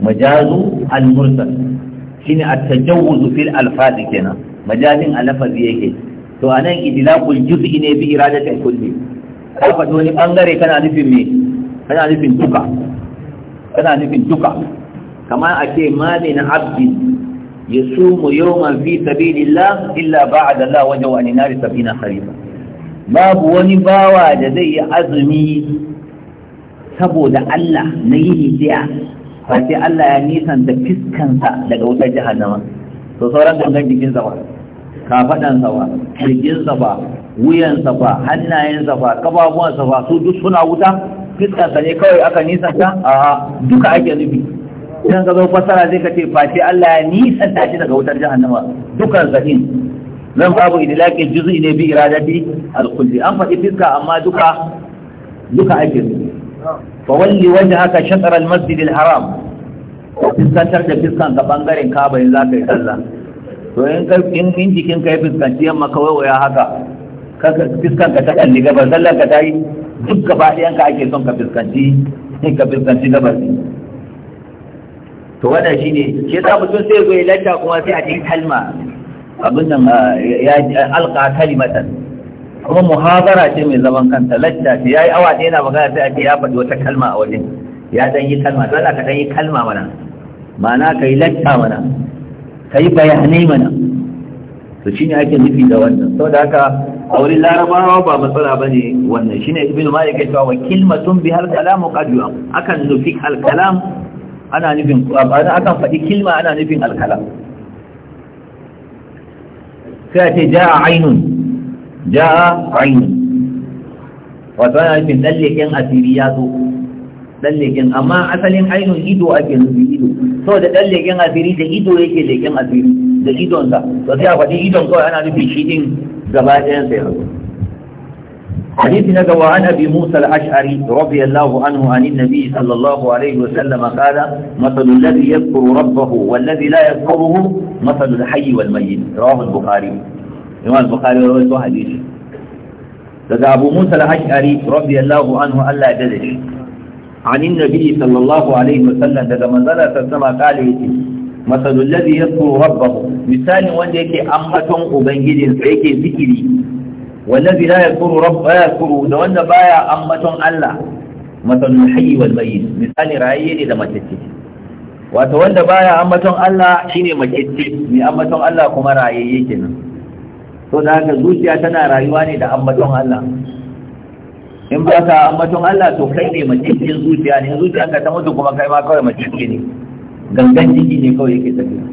majazu al mursal shine at-tajawuz fil alfaz kenan majalin alafazi yake to anan idlaqul juz'i ne bi iradati kulli ka faɗo ni bangare kana nufin me kana nufin duka kana nufin duka kamar a ce na min abdin yasumu yawman fi sabilillah illa ba'da Allah wajhu an nar sabina kharifa babu wani bawa da zai yi azumi saboda Allah na yi daya sai Allah ya nisan da fiskansa daga wutar jahannama to sauran gangan sa ba kafadansa ba kirjinsa ba sa ba hannayen ba kafafuwansa ba su duk suna wuta fiskansa ne kawai aka ta a duka ake nufi idan ka zo fasara zai ka ce sai Allah ya nisan ta shi daga wutar jahannama dukan zahin zan babu idlaqi juz'i ne bi iradati al an faɗi fiska amma duka duka ake nufi fawalli wajen haka shatarar masjidil haram fiskantar da fiskan ka bangaren kaba in za ka yi sallah to in jikin ka ya fiskanci yamma kawai waya haka fiskan ka ta kalli gabar sallar ka ta yi duk gaba ɗayan ka ake son ka fiskanci ka fiskanci gabar to wannan shine ke sa mutum sai zo ya lanta kuma sai a cikin kalma abin nan ya alƙa kalimatan kuma muhazara ce mai zaman kanta lacca ce yi awa ɗaya yana magana sai a ce ya faɗi wata kalma a wajen ya ɗan yi kalma dole ka ɗan yi kalma mana ma'ana ka yi lacca mana ka yi bayanai mana to shine ake nufi da wannan Sau da haka a wurin larabawa ba matsala ba ne wannan shine ibn malik ya cewa tun bi hal kalamu qad akan nufi al kalam ana nufin akan faɗi kilma ana nufin al kalam sai ce ja'a ainun ja aini wato yana nufin ɗan asiri ya zo ɗan amma asalin ainihin ido ake nufi ido so da ɗan asiri da ido yake leken asiri da idonsa to sai a faɗi idon kawai ana nufin shi din gaba ɗayan sai yanzu حديث نجوى عن أبي موسى الأشعري رضي الله عنه عن النبي صلى الله عليه وسلم قال مثل الذي يذكر ربه والذي لا يذكره مثل الحي والميت رواه البخاري imam bukhari ya rawaito hadisi daga abu musa al-ash'ari radiyallahu anhu Allah ya dade shi anin nabi sallallahu alaihi wasallam daga manzala ta sama kale yake masalul ladhi yadhkuru rabbahu misali wanda yake ambaton ubangijin yake zikiri wallazi la yadhkuru rabba yadhkuru da wanda baya ambaton Allah masalul hayy wal misali rayi ne da matacce wato wanda baya ambaton Allah shine matacce mai ambaton Allah kuma rayi yake nan to da haka zuciya tana rayuwa ne da ambaton Allah in ba ka ambaton Allah to kai ne macikin zuciya ne zuciya ka ta mutu kuma kai ma kawai macike ne gangan jiki ne kawai yake tafiya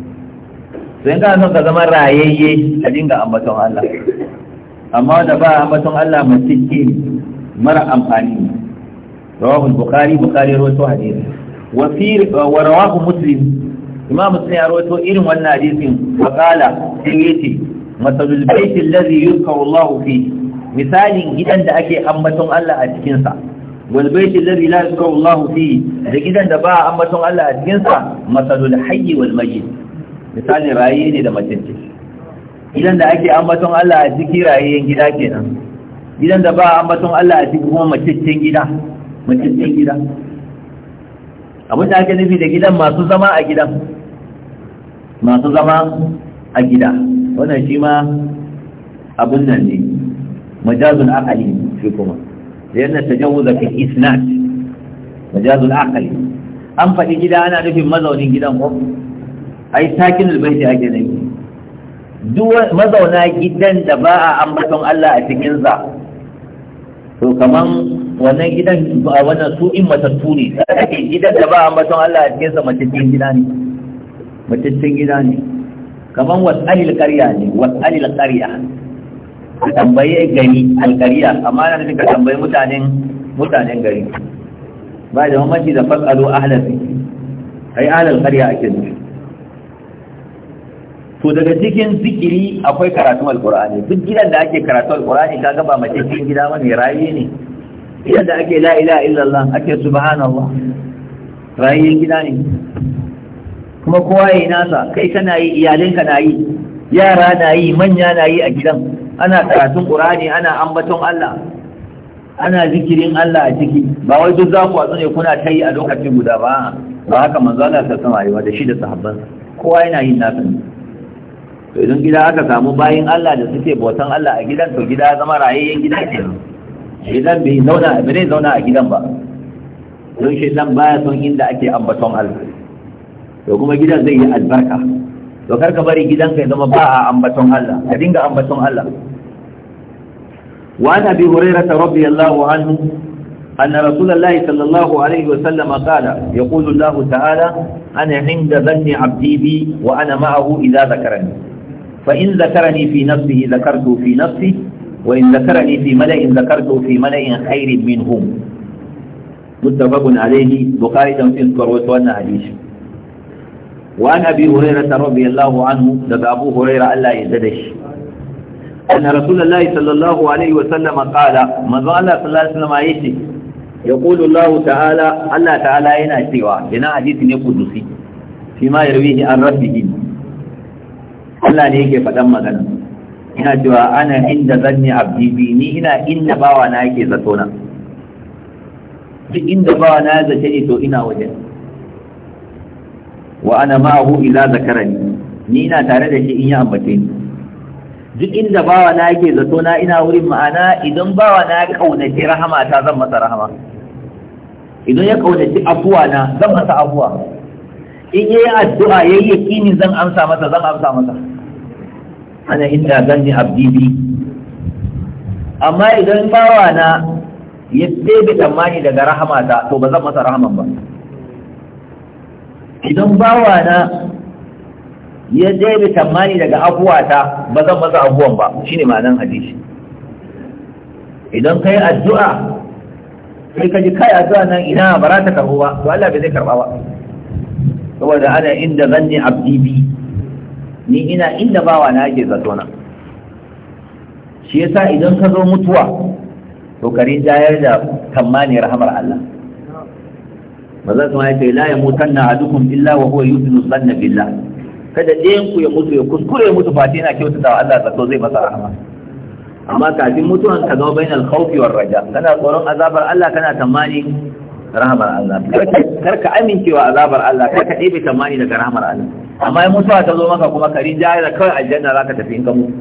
to in ka son ka zama rayayye a dinga ambaton Allah amma da ba ambaton Allah macike ne mara amfani ne rawahu bukhari bukhari rawatu hadith wa fi wa rawahu muslim imam muslim ya rawaito irin wannan hadisin fa qala sai yace masalul baitin lazi yuzkaru Allah fi misalin gidan da ake ambaton Allah a cikinsa, sa wal baitin lazi la yuzkaru Allah fi da gidan da ba a ambaton Allah a cikinsa, sa masalul wal mayyit misalin raye ne da matacce gidan da ake ambaton Allah a ciki rayayen gida kenan gidan da ba a ambaton Allah a ciki kuma mataccen gida mataccen gida abin da ake nufi da gidan masu zama a gidan masu zama a gida wannan shi ma abun nan ne majazul aqali shi kuma ta tajawuza fi isnad majazul aqali an faɗi gida ana nufin mazaunin gidan ko ai sakin albaiti ake nufi duk mazauna gidan da ba a ambaton Allah a cikin sa to kaman wannan gidan a wannan su in matattu ne gidan da ba a ambaton Allah a cikin sa matattun gida ne matattun gida ne kaman was'alil qarya ne was'alil qarya ka tambaye gari alqarya amma na nufin ka tambayi mutanen mutanen gari ba da mamaci da fasalu ahlal ai ahlal qarya ake nufi to daga cikin zikiri akwai karatun Alƙur'ani. duk gidan da ake karatun Alƙur'ani, kaga ba mace cikin gida bane rayi ne gidan da ake la ilaha illallah ake subhanallah rayi gida ne kuma kowa yayi nasa kai kana yi iyalinka na yi yara na yi manya na yi a gidan ana karatun qur'ani ana ambaton Allah ana zikirin Allah a ciki ba wai duk za ku watsu ne kuna ta yi a lokaci guda ba ba haka manzo Allah ta sama yi da shi da sahabban kowa yana yin nasa ne to idan gida aka samu bayin Allah da suke bautan Allah a gidan to gida zama rayayyen gida ke idan bai zauna bai zauna a gidan ba don shi dan baya son inda ake ambaton Allah to kuma gida zai yi albarka to ka bari gidanka ya zama ba a ambaton Allah ka dinga ambaton Allah wa nabi hurairah radhiyallahu anhu anna rasulullahi sallallahu alaihi wa sallam qala yaqulu Allah ta'ala ana inda dhanni 'abdi bi wa ana ma'ahu idha dhakarani fa in dhakarani fi nafsihi dhakartu fi nafsi wa in dhakarani fi mala'in dhakartu fi mala'in khairin minhum muttafaqun alayhi bukhari tamsin karwat wa hadith وعن أبي هريرة رضي الله عنه لدى أبو هريرة ألا يزدش أن رسول الله صلى الله عليه وسلم قال من ظل صلى الله عليه وسلم عيشي يقول الله تعالى الله تعالى هنا سوى هنا حديث قدسي فيما يرويه عن ربه الله ليك فدم مثلا هنا سوى أنا عند ظن عبدي بيني هنا إن باوانا يكي زتونا إن باوانا زتني تو إنا وجه wa ana ma'ahu ila zakarani ni ina tare da shi in ya ambace ni duk inda bawa na yake zato na ina wurin ma'ana idan bawa na ya kaunaci rahama ta zan masa rahama idan ya kaunaci afuwa na zan masa afuwa in yayi addu'a yayi yakini zan amsa masa zan amsa masa ana inda zanni abdi bi amma idan bawa na ya tsebe tsammani daga rahama ta, to ba zan masa rahaman ba idan bawa na ya daina tamani daga abuwata, ba zan maza abuwan ba shine ma'anan hadisi idan yi addu'a sai ka ji kai addu'a nan ina ba za ta karɓo ba to Allah bai zai karɓa ba saboda ana inda zan ne abdibi, ni ina inda bawa na yake zato na shi yasa idan ka zo mutuwa to ka rinjayar da kammaniyar rahamar Allah maza kuma ya ce la ya mutan na ahadukum illa wa huwa yusinu sanna billah kada ɗayan ku ya mutu ya kuskure ya mutu fati yana kyautata wa Allah zato zai masa rahama amma kafin mutuwan ka zama bainal khawfi war raja kana tsoron azabar Allah kana tamani rahamar Allah kar ka amincewa azabar Allah kar ka ɗebe tamani daga rahamar Allah amma in mutuwa ta zo maka kuma karin jaya da kawai aljanna ka tafi in ka mutu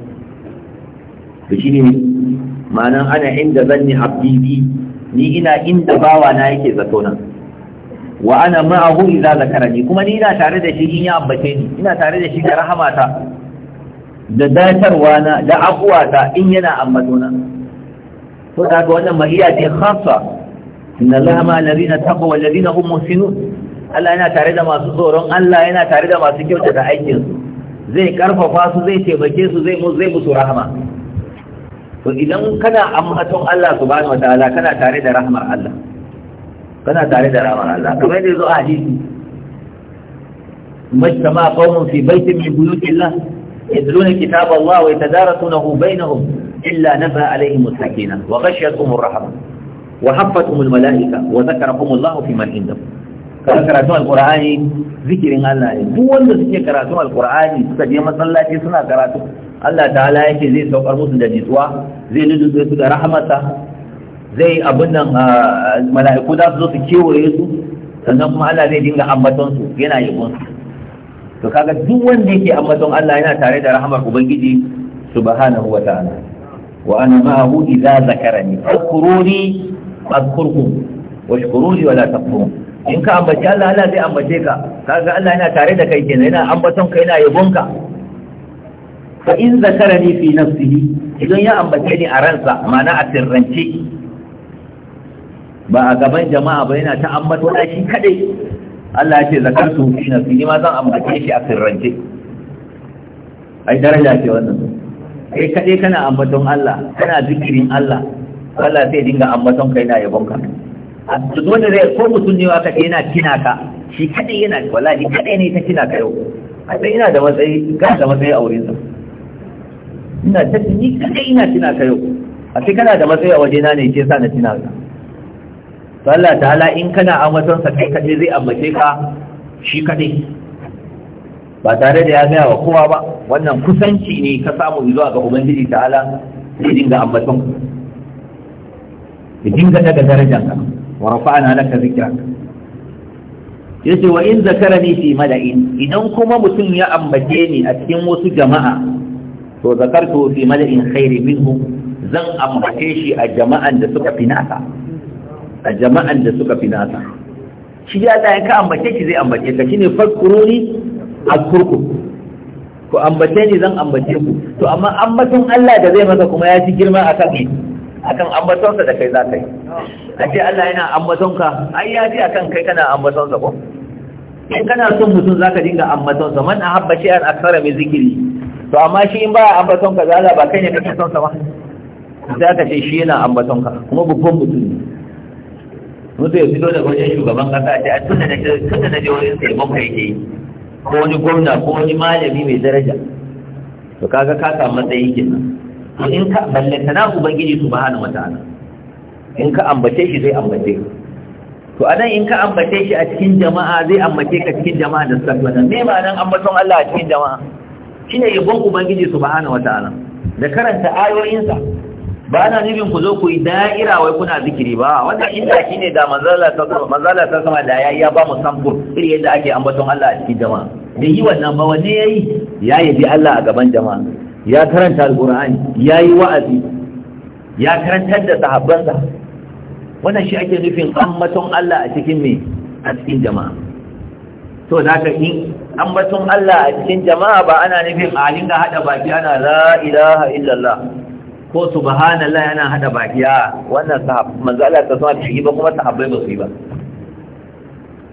to ne ma'anan ana inda zan zanni abdi ni ina inda bawa na yake zato na wa ana ma'ahu idza zakarani kuma ni ina tare da shi in ya ambace ni ina tare da shi da rahamata da datarwa na da abuwata in yana ambato na to da ga wannan mahiya ce khassa inna allaha ma alladhina taqaw wal ladina hum muhsinun Allah yana tare da masu tsoron Allah yana tare da masu kyauta da aikin su zai karfafa su zai taimake su zai zai musu rahama to idan kana ambaton Allah subhanahu wataala kana tare da rahmar Allah kana tare da ramar Allah kamar yadda zo a hadisi majtama qaumun fi baitin min buyutillah yadluna kitab Allah wa yatadarasunahu bainahum illa nafa alaihim sakina wa ghashiyatuhum rahmah wa haffatuhum almalaika wa dhakarahum Allah fi man indahu kana karatu alqur'ani zikirin Allah ne duk wanda suke karatu alqur'ani suka je masallaci suna karatu Allah ta'ala yake zai saukar musu da nitsuwa zai lulluɓe su da rahmata zai abin nan ah, mala'iku za su zo su kewaye su sannan kuma Allah zai dinga ambaton su yana yabon su to kaga duk wanda yake ambaton Allah yana tare da rahamar ubangiji subhanahu wata'ala wa ana ma'ahu idza zakarani fadhkuruni fadhkurkum washkuruni wala takfurun in ka ambaci Allah Allah zai ambace ka kaga Allah yana tare da kai kenan yana ambaton ka yana yabon ka fa in zakarani fi nafsihi idan ya ambace ni a ransa ma'ana a sirrance ba a gaban jama'a ba yana ta da shi kadai Allah ya ce zakartu fi nafsi ni ma zan ambace shi a sirrance ai daraja ce wannan kai kadai kana ambaton Allah kana zikirin Allah Allah sai dinga ambaton kai na yabon ka a duk wanda zai ko mutum ne waka yana kina ka shi kadai yana wallahi kadai ne ta kina ka yau a sai ina da matsayi ga da matsayi a wurin sa ina ta ni kadai ina kina ka yau a sai kana da matsayi a wajena ne ke sa na kina ka to Allah ta'ala in kana ambaton sa kai kadai zai ambace ka shi kadai ba tare da ya gaya wa kowa ba wannan kusanci ne ka samu zuwa ga ubangiji ta'ala zai dinga ambaton ya dinga daga darajanka wa rafa'ana laka zikranka yace wa in zakarani fi mala'in idan kuma mutum ya ambace ni a cikin wasu jama'a to zakartu fi mala'in khairi minhu zan ambace shi a jama'an da suka fi naka a jama'an da suka fi nasa shi ya da ka ambace shi zai ambace ka shine a kurku ku ambace ni zan ambace ku to amma ambaton Allah da zai masa kuma ya ci girma a kan akan ambatonsa da kai za ka yi a ce Allah yana ambaton ka. ai ya ji akan kai kana ambatonsa ko in kana son mutum za ka dinga ambatonsa man a habba shi an aksara mai zikiri to amma shi in ba ka za ba kai ne kake sonsa ba za ka ce shi yana ambaton ka, kuma babban mutum ne mutu ya fito da wajen shugaban kasa ce a tunda na je tunda na je wajen sai bakwai ko wani gwamna ko wani malami mai daraja to kaga ka samu matsayi kenan to in ka ballanta na ubangiji subhanahu wataala in ka ambace shi zai ambace ka to nan in ka ambace shi a cikin jama'a zai ambace ka cikin jama'a da suka sallama me nan ambaton Allah a cikin jama'a ne yabon ubangiji subhanahu wataala da karanta ayoyinsa ba na nufin ku zo ku yi da'ira wai kuna zikiri ba wannan inda shi ne da manzala ta sama da yayi ya ba mu samfur iri yadda ake ambaton Allah a cikin jama'a da yi wannan ba wanne ya yi? ya yabi Allah a gaban jama'a ya karanta alqur'ani ya yi wa'azi ya karantar da sahabbansa wannan shi ake nufin ambaton Allah a cikin me a cikin jama'a to zaka in ambaton Allah a cikin jama'a ba ana nufin a dinga hada baki ana la ilaha illallah ko subhanallah yana hada bakiya wannan sahab manzo Allah ta sa shi ba kuma sahabbai ba su yi ba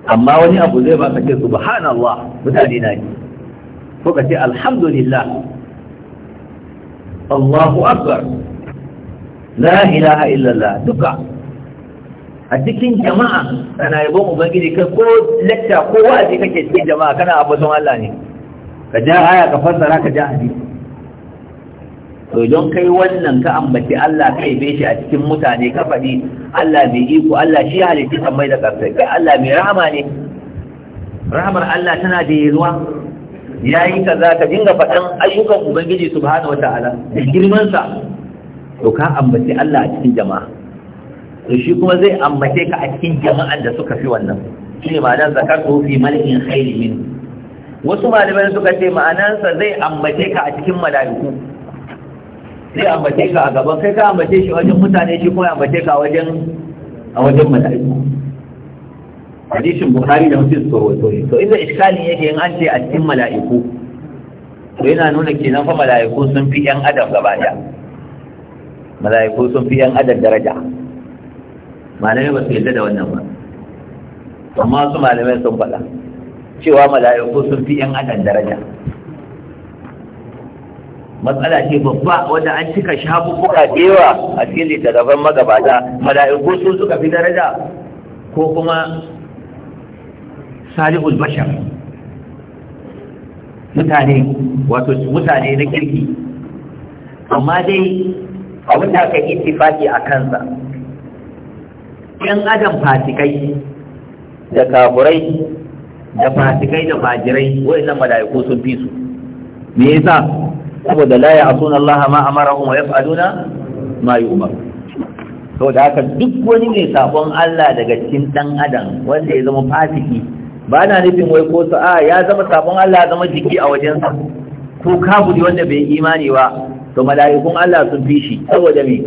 amma wani abu zai ba ka ce subhanallah mutane na yi ko ka ce alhamdulillah Allahu akbar la ilaha illallah duka a cikin jama'a kana yabon ubangiji kai ko lecture ko wa'azi kake cikin jama'a kana abusan Allah ne ka ja aya ka fassara ka ja hadisi to don kai wannan ka ambaci Allah kai be shi a cikin mutane ka faɗi Allah mai iko Allah shi halitta kan mai da ƙarfi kai Allah mai rahama ne rahamar Allah tana da yiwuwa ya yi kaza ka dinga faɗan ayyukan ubangiji subhanahu wataala da girman sa to ka ambaci Allah a cikin jama'a to shi kuma zai ambace ka a cikin jama'an da suka fi wannan shi ne ma'anar zakatu fi malikin khairi min wasu malamai suka ce ma'anarsa zai ambace ka a cikin mala'iku zai ambace ka a gaban kai ka ambace shi wajen mutane shi kuma ambace ka wajen a wajen mala'iku hadisin buhari da mutum tsoro to to inda iskali yake yin an ce a cikin mala'iku to yana nuna kenan fa mala'iku sun fi yan adam gaba da mala'iku sun fi yan adam daraja malamai ba su yadda da wannan ba amma su malamai sun faɗa cewa mala'iku sun fi yan adam daraja matsala ce babba wanda an cika shafi da yawa a cikin littattafan magabata mala'iku su suka fi daraja ko kuma salihul bashar mutane wato mutane na kirki amma dai a da aka ittifaki a kansa yan adam fasikai da kafurai da fasikai da fajirai wa'annan mala'iku sun fi su me yasa saboda la ya'suna Allah ma amarahu wa yaf'aluna ma yu'mar da haka duk wani mai sabon Allah daga cikin dan adam wanda ya zama fasiki ba na nufin wai ko a ya zama sabon Allah zama jiki a wajensa ko kafiri wanda bai imani ba to mala'ikun Allah sun fi shi saboda me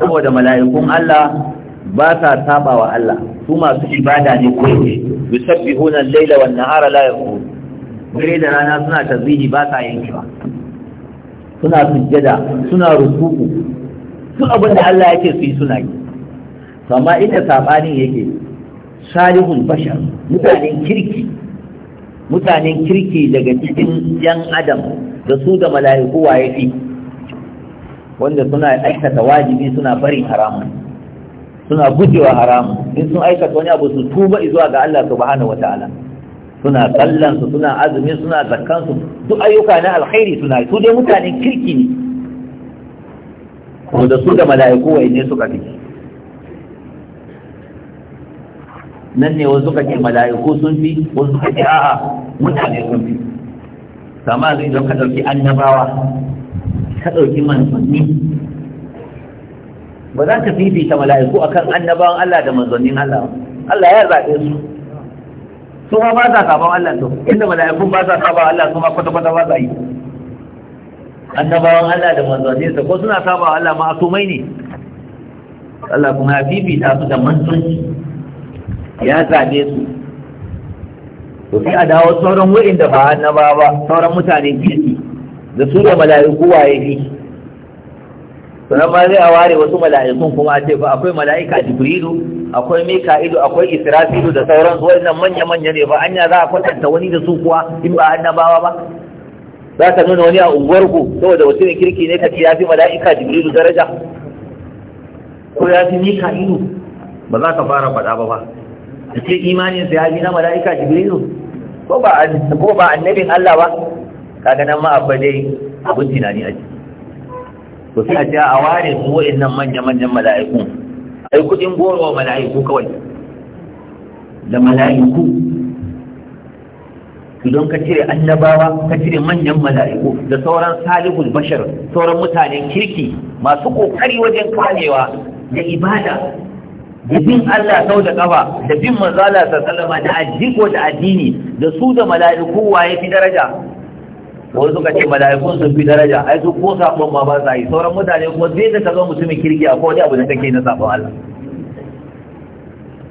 saboda mala'ikun Allah ba sa saba wa Allah su masu ibada ne ne yusabbihuna al-laila wan nahara la yaqul dare da rana suna tasbihi ba sa yankewa suna sujjada suna rukuku su abin da Allah yake su yi suna yi amma inda sabanin yake salihul bashar mutanen kirki mutanen kirki daga cikin yan adam da su da mala'iku waye fi wanda suna aikata wajibi suna barin haramun suna gujewa haramun in sun aikata wani abu su tuba zuwa ga Allah subhanahu wataala suna sallan su suna azumi suna zakkan su duk ayyuka na alkhairi suna su dai mutanen kirki ne ko da su da mala'iku wai ne suka fi nan ne wasu suka ce mala'iku sun fi wasu suka ce a'a mutane sun fi sama zai don ka ɗauki annabawa ka ɗauki manzanni ba za ka fifita mala'iku akan annabawan Allah da manzannin Allah Allah ya zaɓe su su ma ba sa saban Allah su, inda mala'ikun ba sa saba Allah su ma kwata kwata ba za yi annabawan Allah da manzanni su ko suna saba Allah ma asumai ne Allah kuma ya fifita su da manzanci ya zabe su to sai a dawo sauran wa'inda ba annaba ba sauran mutanen kirki da su da mala'iku waye fi sannan ma zai a ware wasu mala'ikun kuma a ce ba akwai mala'ika jibrilu akwai mika'ilu akwai israfilu da sauransu wannan manya-manya ne ba anya za a kwatanta wani da su kuwa in ba annabawa ba za ka nuna wani a unguwarku saboda ne kirki ne ka ce ya fi mala'ika jibrilu daraja ko ya fi mika'ilu ba za ka fara faɗa ba ba a ce imanin sa ya fi na mala'ika jibrilu ko ba annabin Allah ba kaga nan ma abba dai abin tunani ake to sai a ce a ware su wa'annan manya-manyan mala'iku ai kudin goro wa mala'iku kawai da mala'iku idan ka cire annabawa ka cire manyan mala'iku da sauran salihul bashar sauran mutanen kirki masu kokari wajen kwanewa da ibada da bin Allah sau da kafa da bin manzala sallama da ajiko da addini da su da mala'iku waye fi daraja wani suka ce mala'ikun sun fi daraja ai su ko sabon ma ba sa yi sauran mutane kuma zai da ka zo mutumin kirki a kowane abu da kake na sabon Allah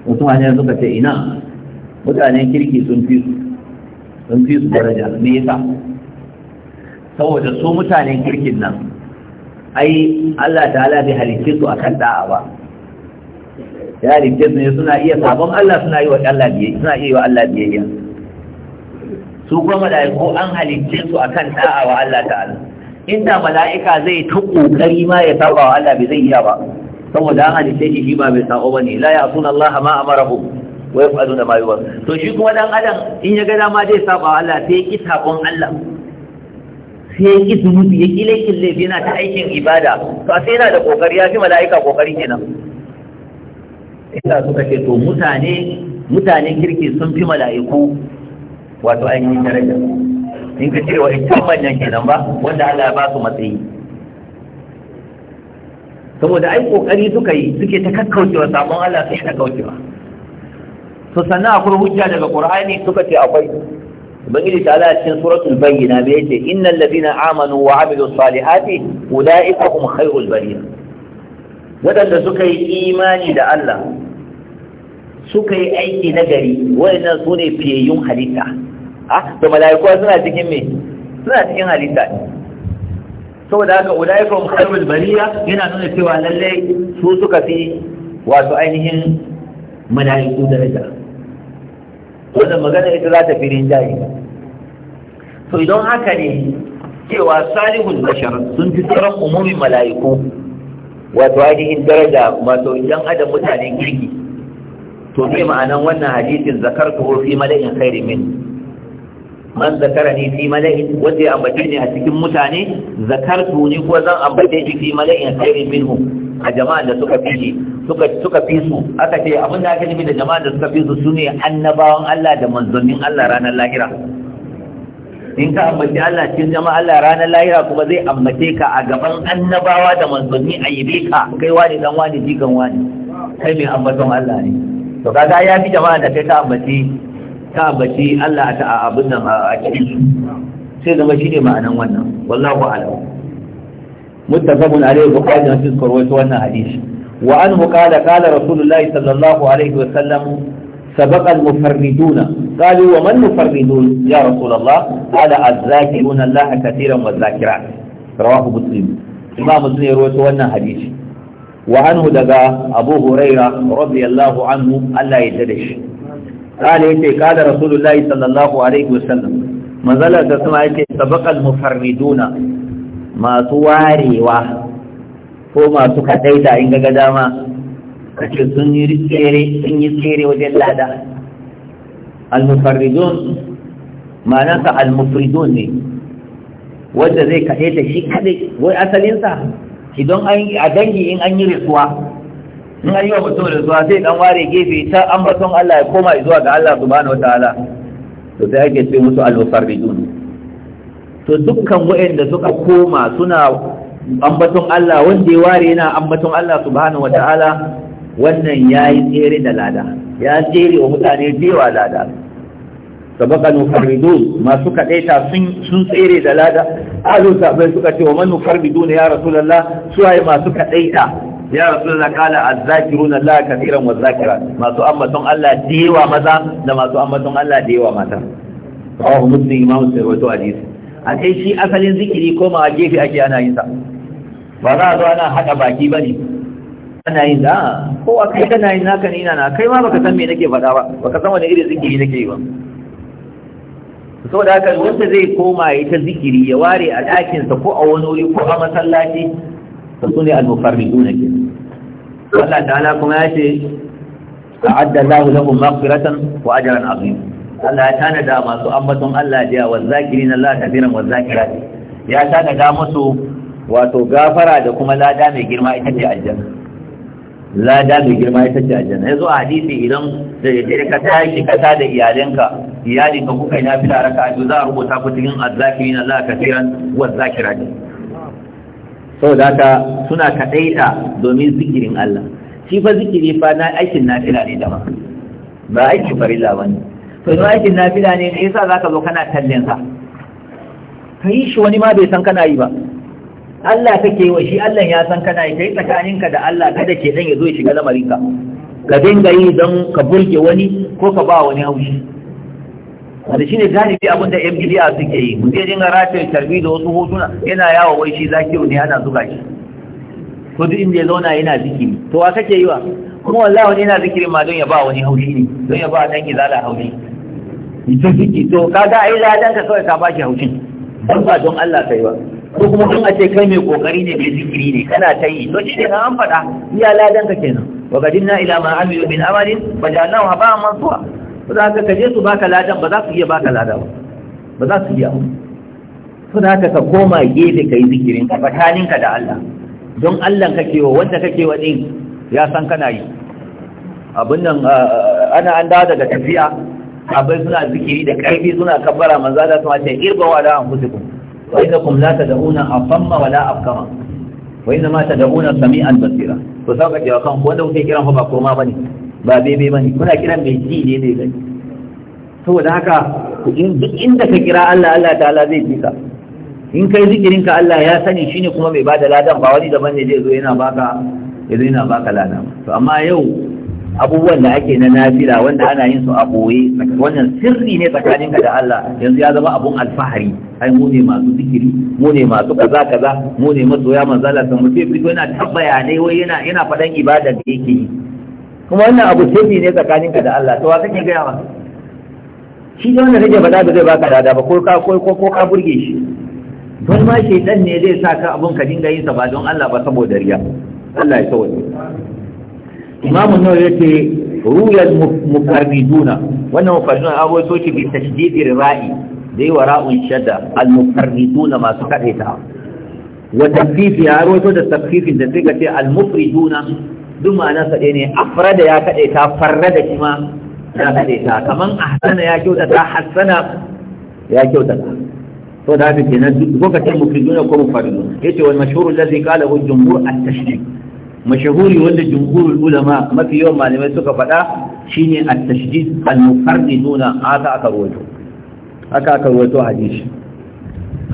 wasu hanyar suka ce ina mutanen kirki sun fi su sun fi su daraja me yasa saboda su mutanen kirkin nan ai Allah ta'ala bai halicce su akan da'a ba ya halicce su ne suna iya sabon Allah suna yi wa Allah biyayya suna iya wa Allah biyayya su kuma mala'iku an halicce su akan da'a wa Allah ta'ala inda mala'ika zai ta kokari ma ya saba wa Allah bai zai iya ba saboda an halicce shi shi ba bai sako bane la ya'suna Allah ma amarahu wa yaf'aluna ma yuwar to shi kuma dan adam in ya ga dama zai saba wa Allah sai ki sabon Allah sai ki zunubi ya kile kille yana ta aikin ibada to sai yana da kokari ya fi mala'ika kokari kenan ina suka ce to mutane mutanen kirki sun fi mala'iku wato ainihin daraja in ka cire in can manyan kenan ba wanda Allah ya ba su matsayi saboda ai kokari suka yi suke ta kakkaucewa sabon Allah sai ta kaucewa to sannan akwai hujja daga Qur'ani suka ce akwai ubangiji ta ala cikin suratul bayyina bai yace innal ladina amanu wa amilu salihati ulaika hum khairul bariya wadanda suka yi imani da Allah suka yi aiki nagari wayannan sune fiyayyun halitta ah to malaikuwa suna cikin me suna cikin halitta saboda haka ulaikum khairul bariya yana nuna cewa lalle su suka fi wato ainihin mala'iku daraja wannan magana ita za ta fi rinjaye to idan haka ne cewa salihul bashar sun fi tsaron umumin mala'iku wato ainihin daraja masu yan adam mutanen kirki to me ma'anan wannan hadisin zakartu fi malaikin khairin min man zakarani fi mala'in wanda ya ambace ni a cikin mutane zakartu ni ko zan ambace shi fi mala'in khairin minhu a jama'a da suka fi shi suka suka fi su aka ce abin da aka nufi da jama'a da suka fi su sune annabawan Allah da manzonin Allah ranar lahira in ka ambaci Allah cikin jama'a Allah ranar lahira kuma zai ambace ka a gaban annabawa da manzanni a yabe ka kai wani dan wani jikan wani kai mai ambaton Allah ne to kaga ya fi jama'a da kai ka ambaci ta ambaci Allah ta abin nan a cikin sai zama shi ne ma'anan wannan wallahu a'lam muttafaqun alayhi bukhari da muslim karwaito wannan hadisi wa anhu qala qala rasulullahi sallallahu alaihi wa sallam سبق المفردون قالوا ومن المفردون يا رسول الله قال الذاكرون الله كثيرا والذاكرات رواه مسلم امام مسلم يروي wannan hadisi wa anhu daga abu huraira radiyallahu anhu Allah ya tada shi قال يتي قال رسول الله صلى الله عليه وسلم ta suna yake masu warewa ko masu kadaita in ga dama kace sun yi tsere sun yi tsere wajen lada al mufarridun ma'anarsa al mufridun ne wanda zai kadaita shi kadai wai asalinsa idan an a dangi in an yi rasuwa in an yi wa mutum da zuwa sai dan ware gefe ta ambaton Allah ya koma zuwa ga Allah subhanahu ta'ala to sai ake ce musu al-musarrijun to dukkan waɗanda suka koma suna ambaton Allah wanda ya ware yana ambaton Allah subhanahu ta'ala wannan yayi tsere da lada ya tsere wa mutane biyawa lada sabaka nufarridun masu kadaita sun sun tsere da lada alu sabai suka ce wa farbidu ne ya rasulullah suwaye masu kadaita ya rasulullah qala az-zakiruna la kafiran wa zakira masu ambaton Allah da yawa maza da masu ambaton Allah da yawa mata rawahu muslim imam sirwatu hadisi a kai shi asalin zikiri ko ma gefe ake ana yin sa ba za a zo ana hada baki bane ana yin da ah, a kai kana yin naka ne ina na kai ma baka san me nake faɗa ba baka san wani irin zikiri nake yi ba saboda haka wanda zai koma ya ta zikiri ya ware a ɗakinsa ko a wani wuri ko a masallaci to sune al-mufarriduna ke Allah ta'ala kuma ya ce a'adda Allahu lahum maghfiratan wa ajran azim Allah ya tanada masu ambaton Allah da wa zakirina Allah kafiran wa zakirat ya tanada musu wato gafara da kuma lada mai girma ita ce aljanna lada mai girma ita ce aljanna yanzu a hadisi idan da ya ka tashi kasa da iyalinka iyalinka kuka yi nafila raka'a za a rubuta ku cikin azzakirina Allah kafiran wa zakirat saboda ta suna kaɗaita domin zikirin Allah shi fa zikiri fa na aikin nafila ne da ba aikin farilla ba ne to idan aikin nafila ne me yasa zaka zo kana tallen sa ka yi shi wani ma bai san kana yi ba Allah kake yi wa shi Allah ya san kana yi kai tsakaninka da Allah kada ke dan ya zo ya shiga lamarinka ka dinga yi don ka burge wani ko ka ba wani haushi da shi ne galibi abin da 'yan bidiya suke yi mutum dinga rataye tarbi da wasu hotuna yana yawo wai shi zakiru ne ana zuga shi ko duk inda ya zauna yana zikiri to wa kake yi wa kuma wallahi wani yana zikirin ma don ya ba wani haushi ne don ya ba dan izala haushi ita ziki to kaga ai dan ka kawai ka ba shi haushin don ba don Allah kai ba ko kuma in a ce kai mai kokari ne mai zikiri ne kana ta yi to shi ne an faɗa iya ladan ka kenan wa gadinna ila ma amilu min amalin fa ja'alnahu haba'an mansura saboda haka ka kaje su baka ladan ba za su iya baka Ladan ba ba za su iya su haka ka koma gefe ka yi zikirin ka ka da Allah don Allah kake wa wanda kake wa ɗin ya san kana yi abin nan ana an dawo daga tafiya abai suna zikiri da ƙarfi suna kabbara manzo da ta ce irba wa la anfusikum wa innakum la tad'una afamma wa la afkama wa inma tad'una sami'an basira to saka ce wa kan wanda kuke kiran fa ba koma bane ba bebe ba ne kuna kiran mai ji ne zai gani saboda haka duk inda ka kira Allah Allah ta'ala zai ji ka in kai zikirin ka Allah ya sani shine kuma mai bada ladan ba wani daban ne zai zo yana baka ya yana baka ladan to amma yau abubuwan da ake na nafila wanda ana yin su a boye wannan sirri ne tsakanin ka da Allah yanzu ya zama abun alfahari ai mu ne masu zikiri mu ne masu kaza kaza mu ne masoya manzala sun mutum fito yana tabbayane wai yana yana faɗan ibada da yake yi kuma wannan abu sirri ne tsakaninka da Allah to wa kake gaya ma shi da wanda kake faɗa da zai baka dada ba ko ka ko ko ka burge shi don ma dan ne zai sa ka abun ka dinga yin sa ba don Allah ba saboda riya Allah ya sauke Imam Nawawi yace ruyal mukarriduna wannan mukarriduna abu so ki bi tashdidir ra'i dai yi wa ra'un shadda al mukarriduna masu kadaita wa tafifi ya ruwa da taffifin da sai ka al mufriduna duk ma'ana sa ne afrada ya kaɗe ta farra da kima ma ya kaɗe ta kaman Hassana ya kyautata hassana ya kyautata to da haka kenan duk ko ka ce mufriduna ko mufarduna yace wal mashhur allazi qala hu jumhur at-tashrik mashahuri wanda jumhurul ulama mafi yawan malamai suka faɗa shine at-tashdid al-mufarriduna aka aka rawaito aka aka rawaito hadisi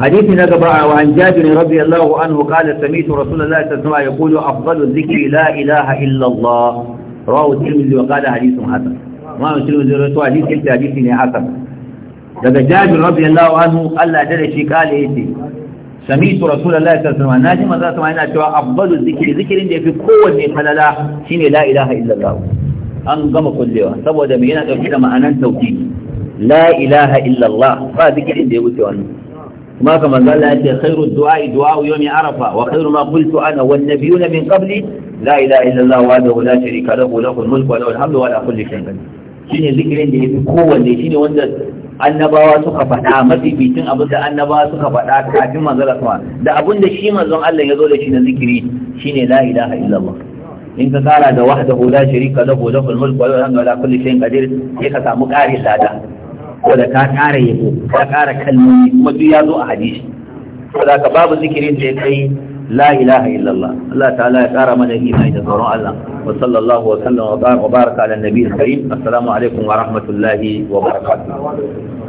حديث نقبع وعن جابر رضي الله عنه قال سميت رسول الله صلى الله عليه وسلم يقول أفضل الذكر لا إله إلا الله رواه الترمذي وقال حديث حسن ما الترمذي رواه حديث كنت حديث حسن daga jabir radiyallahu anhu Allah da shi kale yace sami'tu rasulullahi sallallahu alaihi wasallam naji manzo sama yana cewa afdalu zikri zikirin da yafi kowanne falala shine la ilaha illallah an gama kullewa saboda me yana dauke da ma'anan tauhidi la ilaha ba zikirin da ya wuce kuma kamar zalla ya ce khairu du'a du'a yawmi arafa wa khairu ma qultu ana wan nabiyuna min qabli la ilaha illallah wahdahu la sharika lahu lahul mulku wa lahul hamdu wa ala kulli shay'in qadir shine zikirin da yafi kowanne shine wanda annabawa suka faɗa mafi bitin abin da annabawa suka faɗa kafin manzon Allah da abin da shi manzon Allah ya zo da shi na zikiri shine la ilaha illallah in ka kara da wahdahu la sharika lahu lahul mulku wa lahul hamdu wa ala kulli shay'in qadir sai ka samu ƙarin lada da ka ƙara yabo ka ƙara kalmomi kuma duk ya zo a hadisi saboda ka babu zikirin da ya kai la ilaha illallah Allah ta'ala ya ƙara mana imani da tsoron Allah wa sallallahu wa sallam wa baraka ala nabiyil karim assalamu alaikum wa rahmatullahi wa barakatuh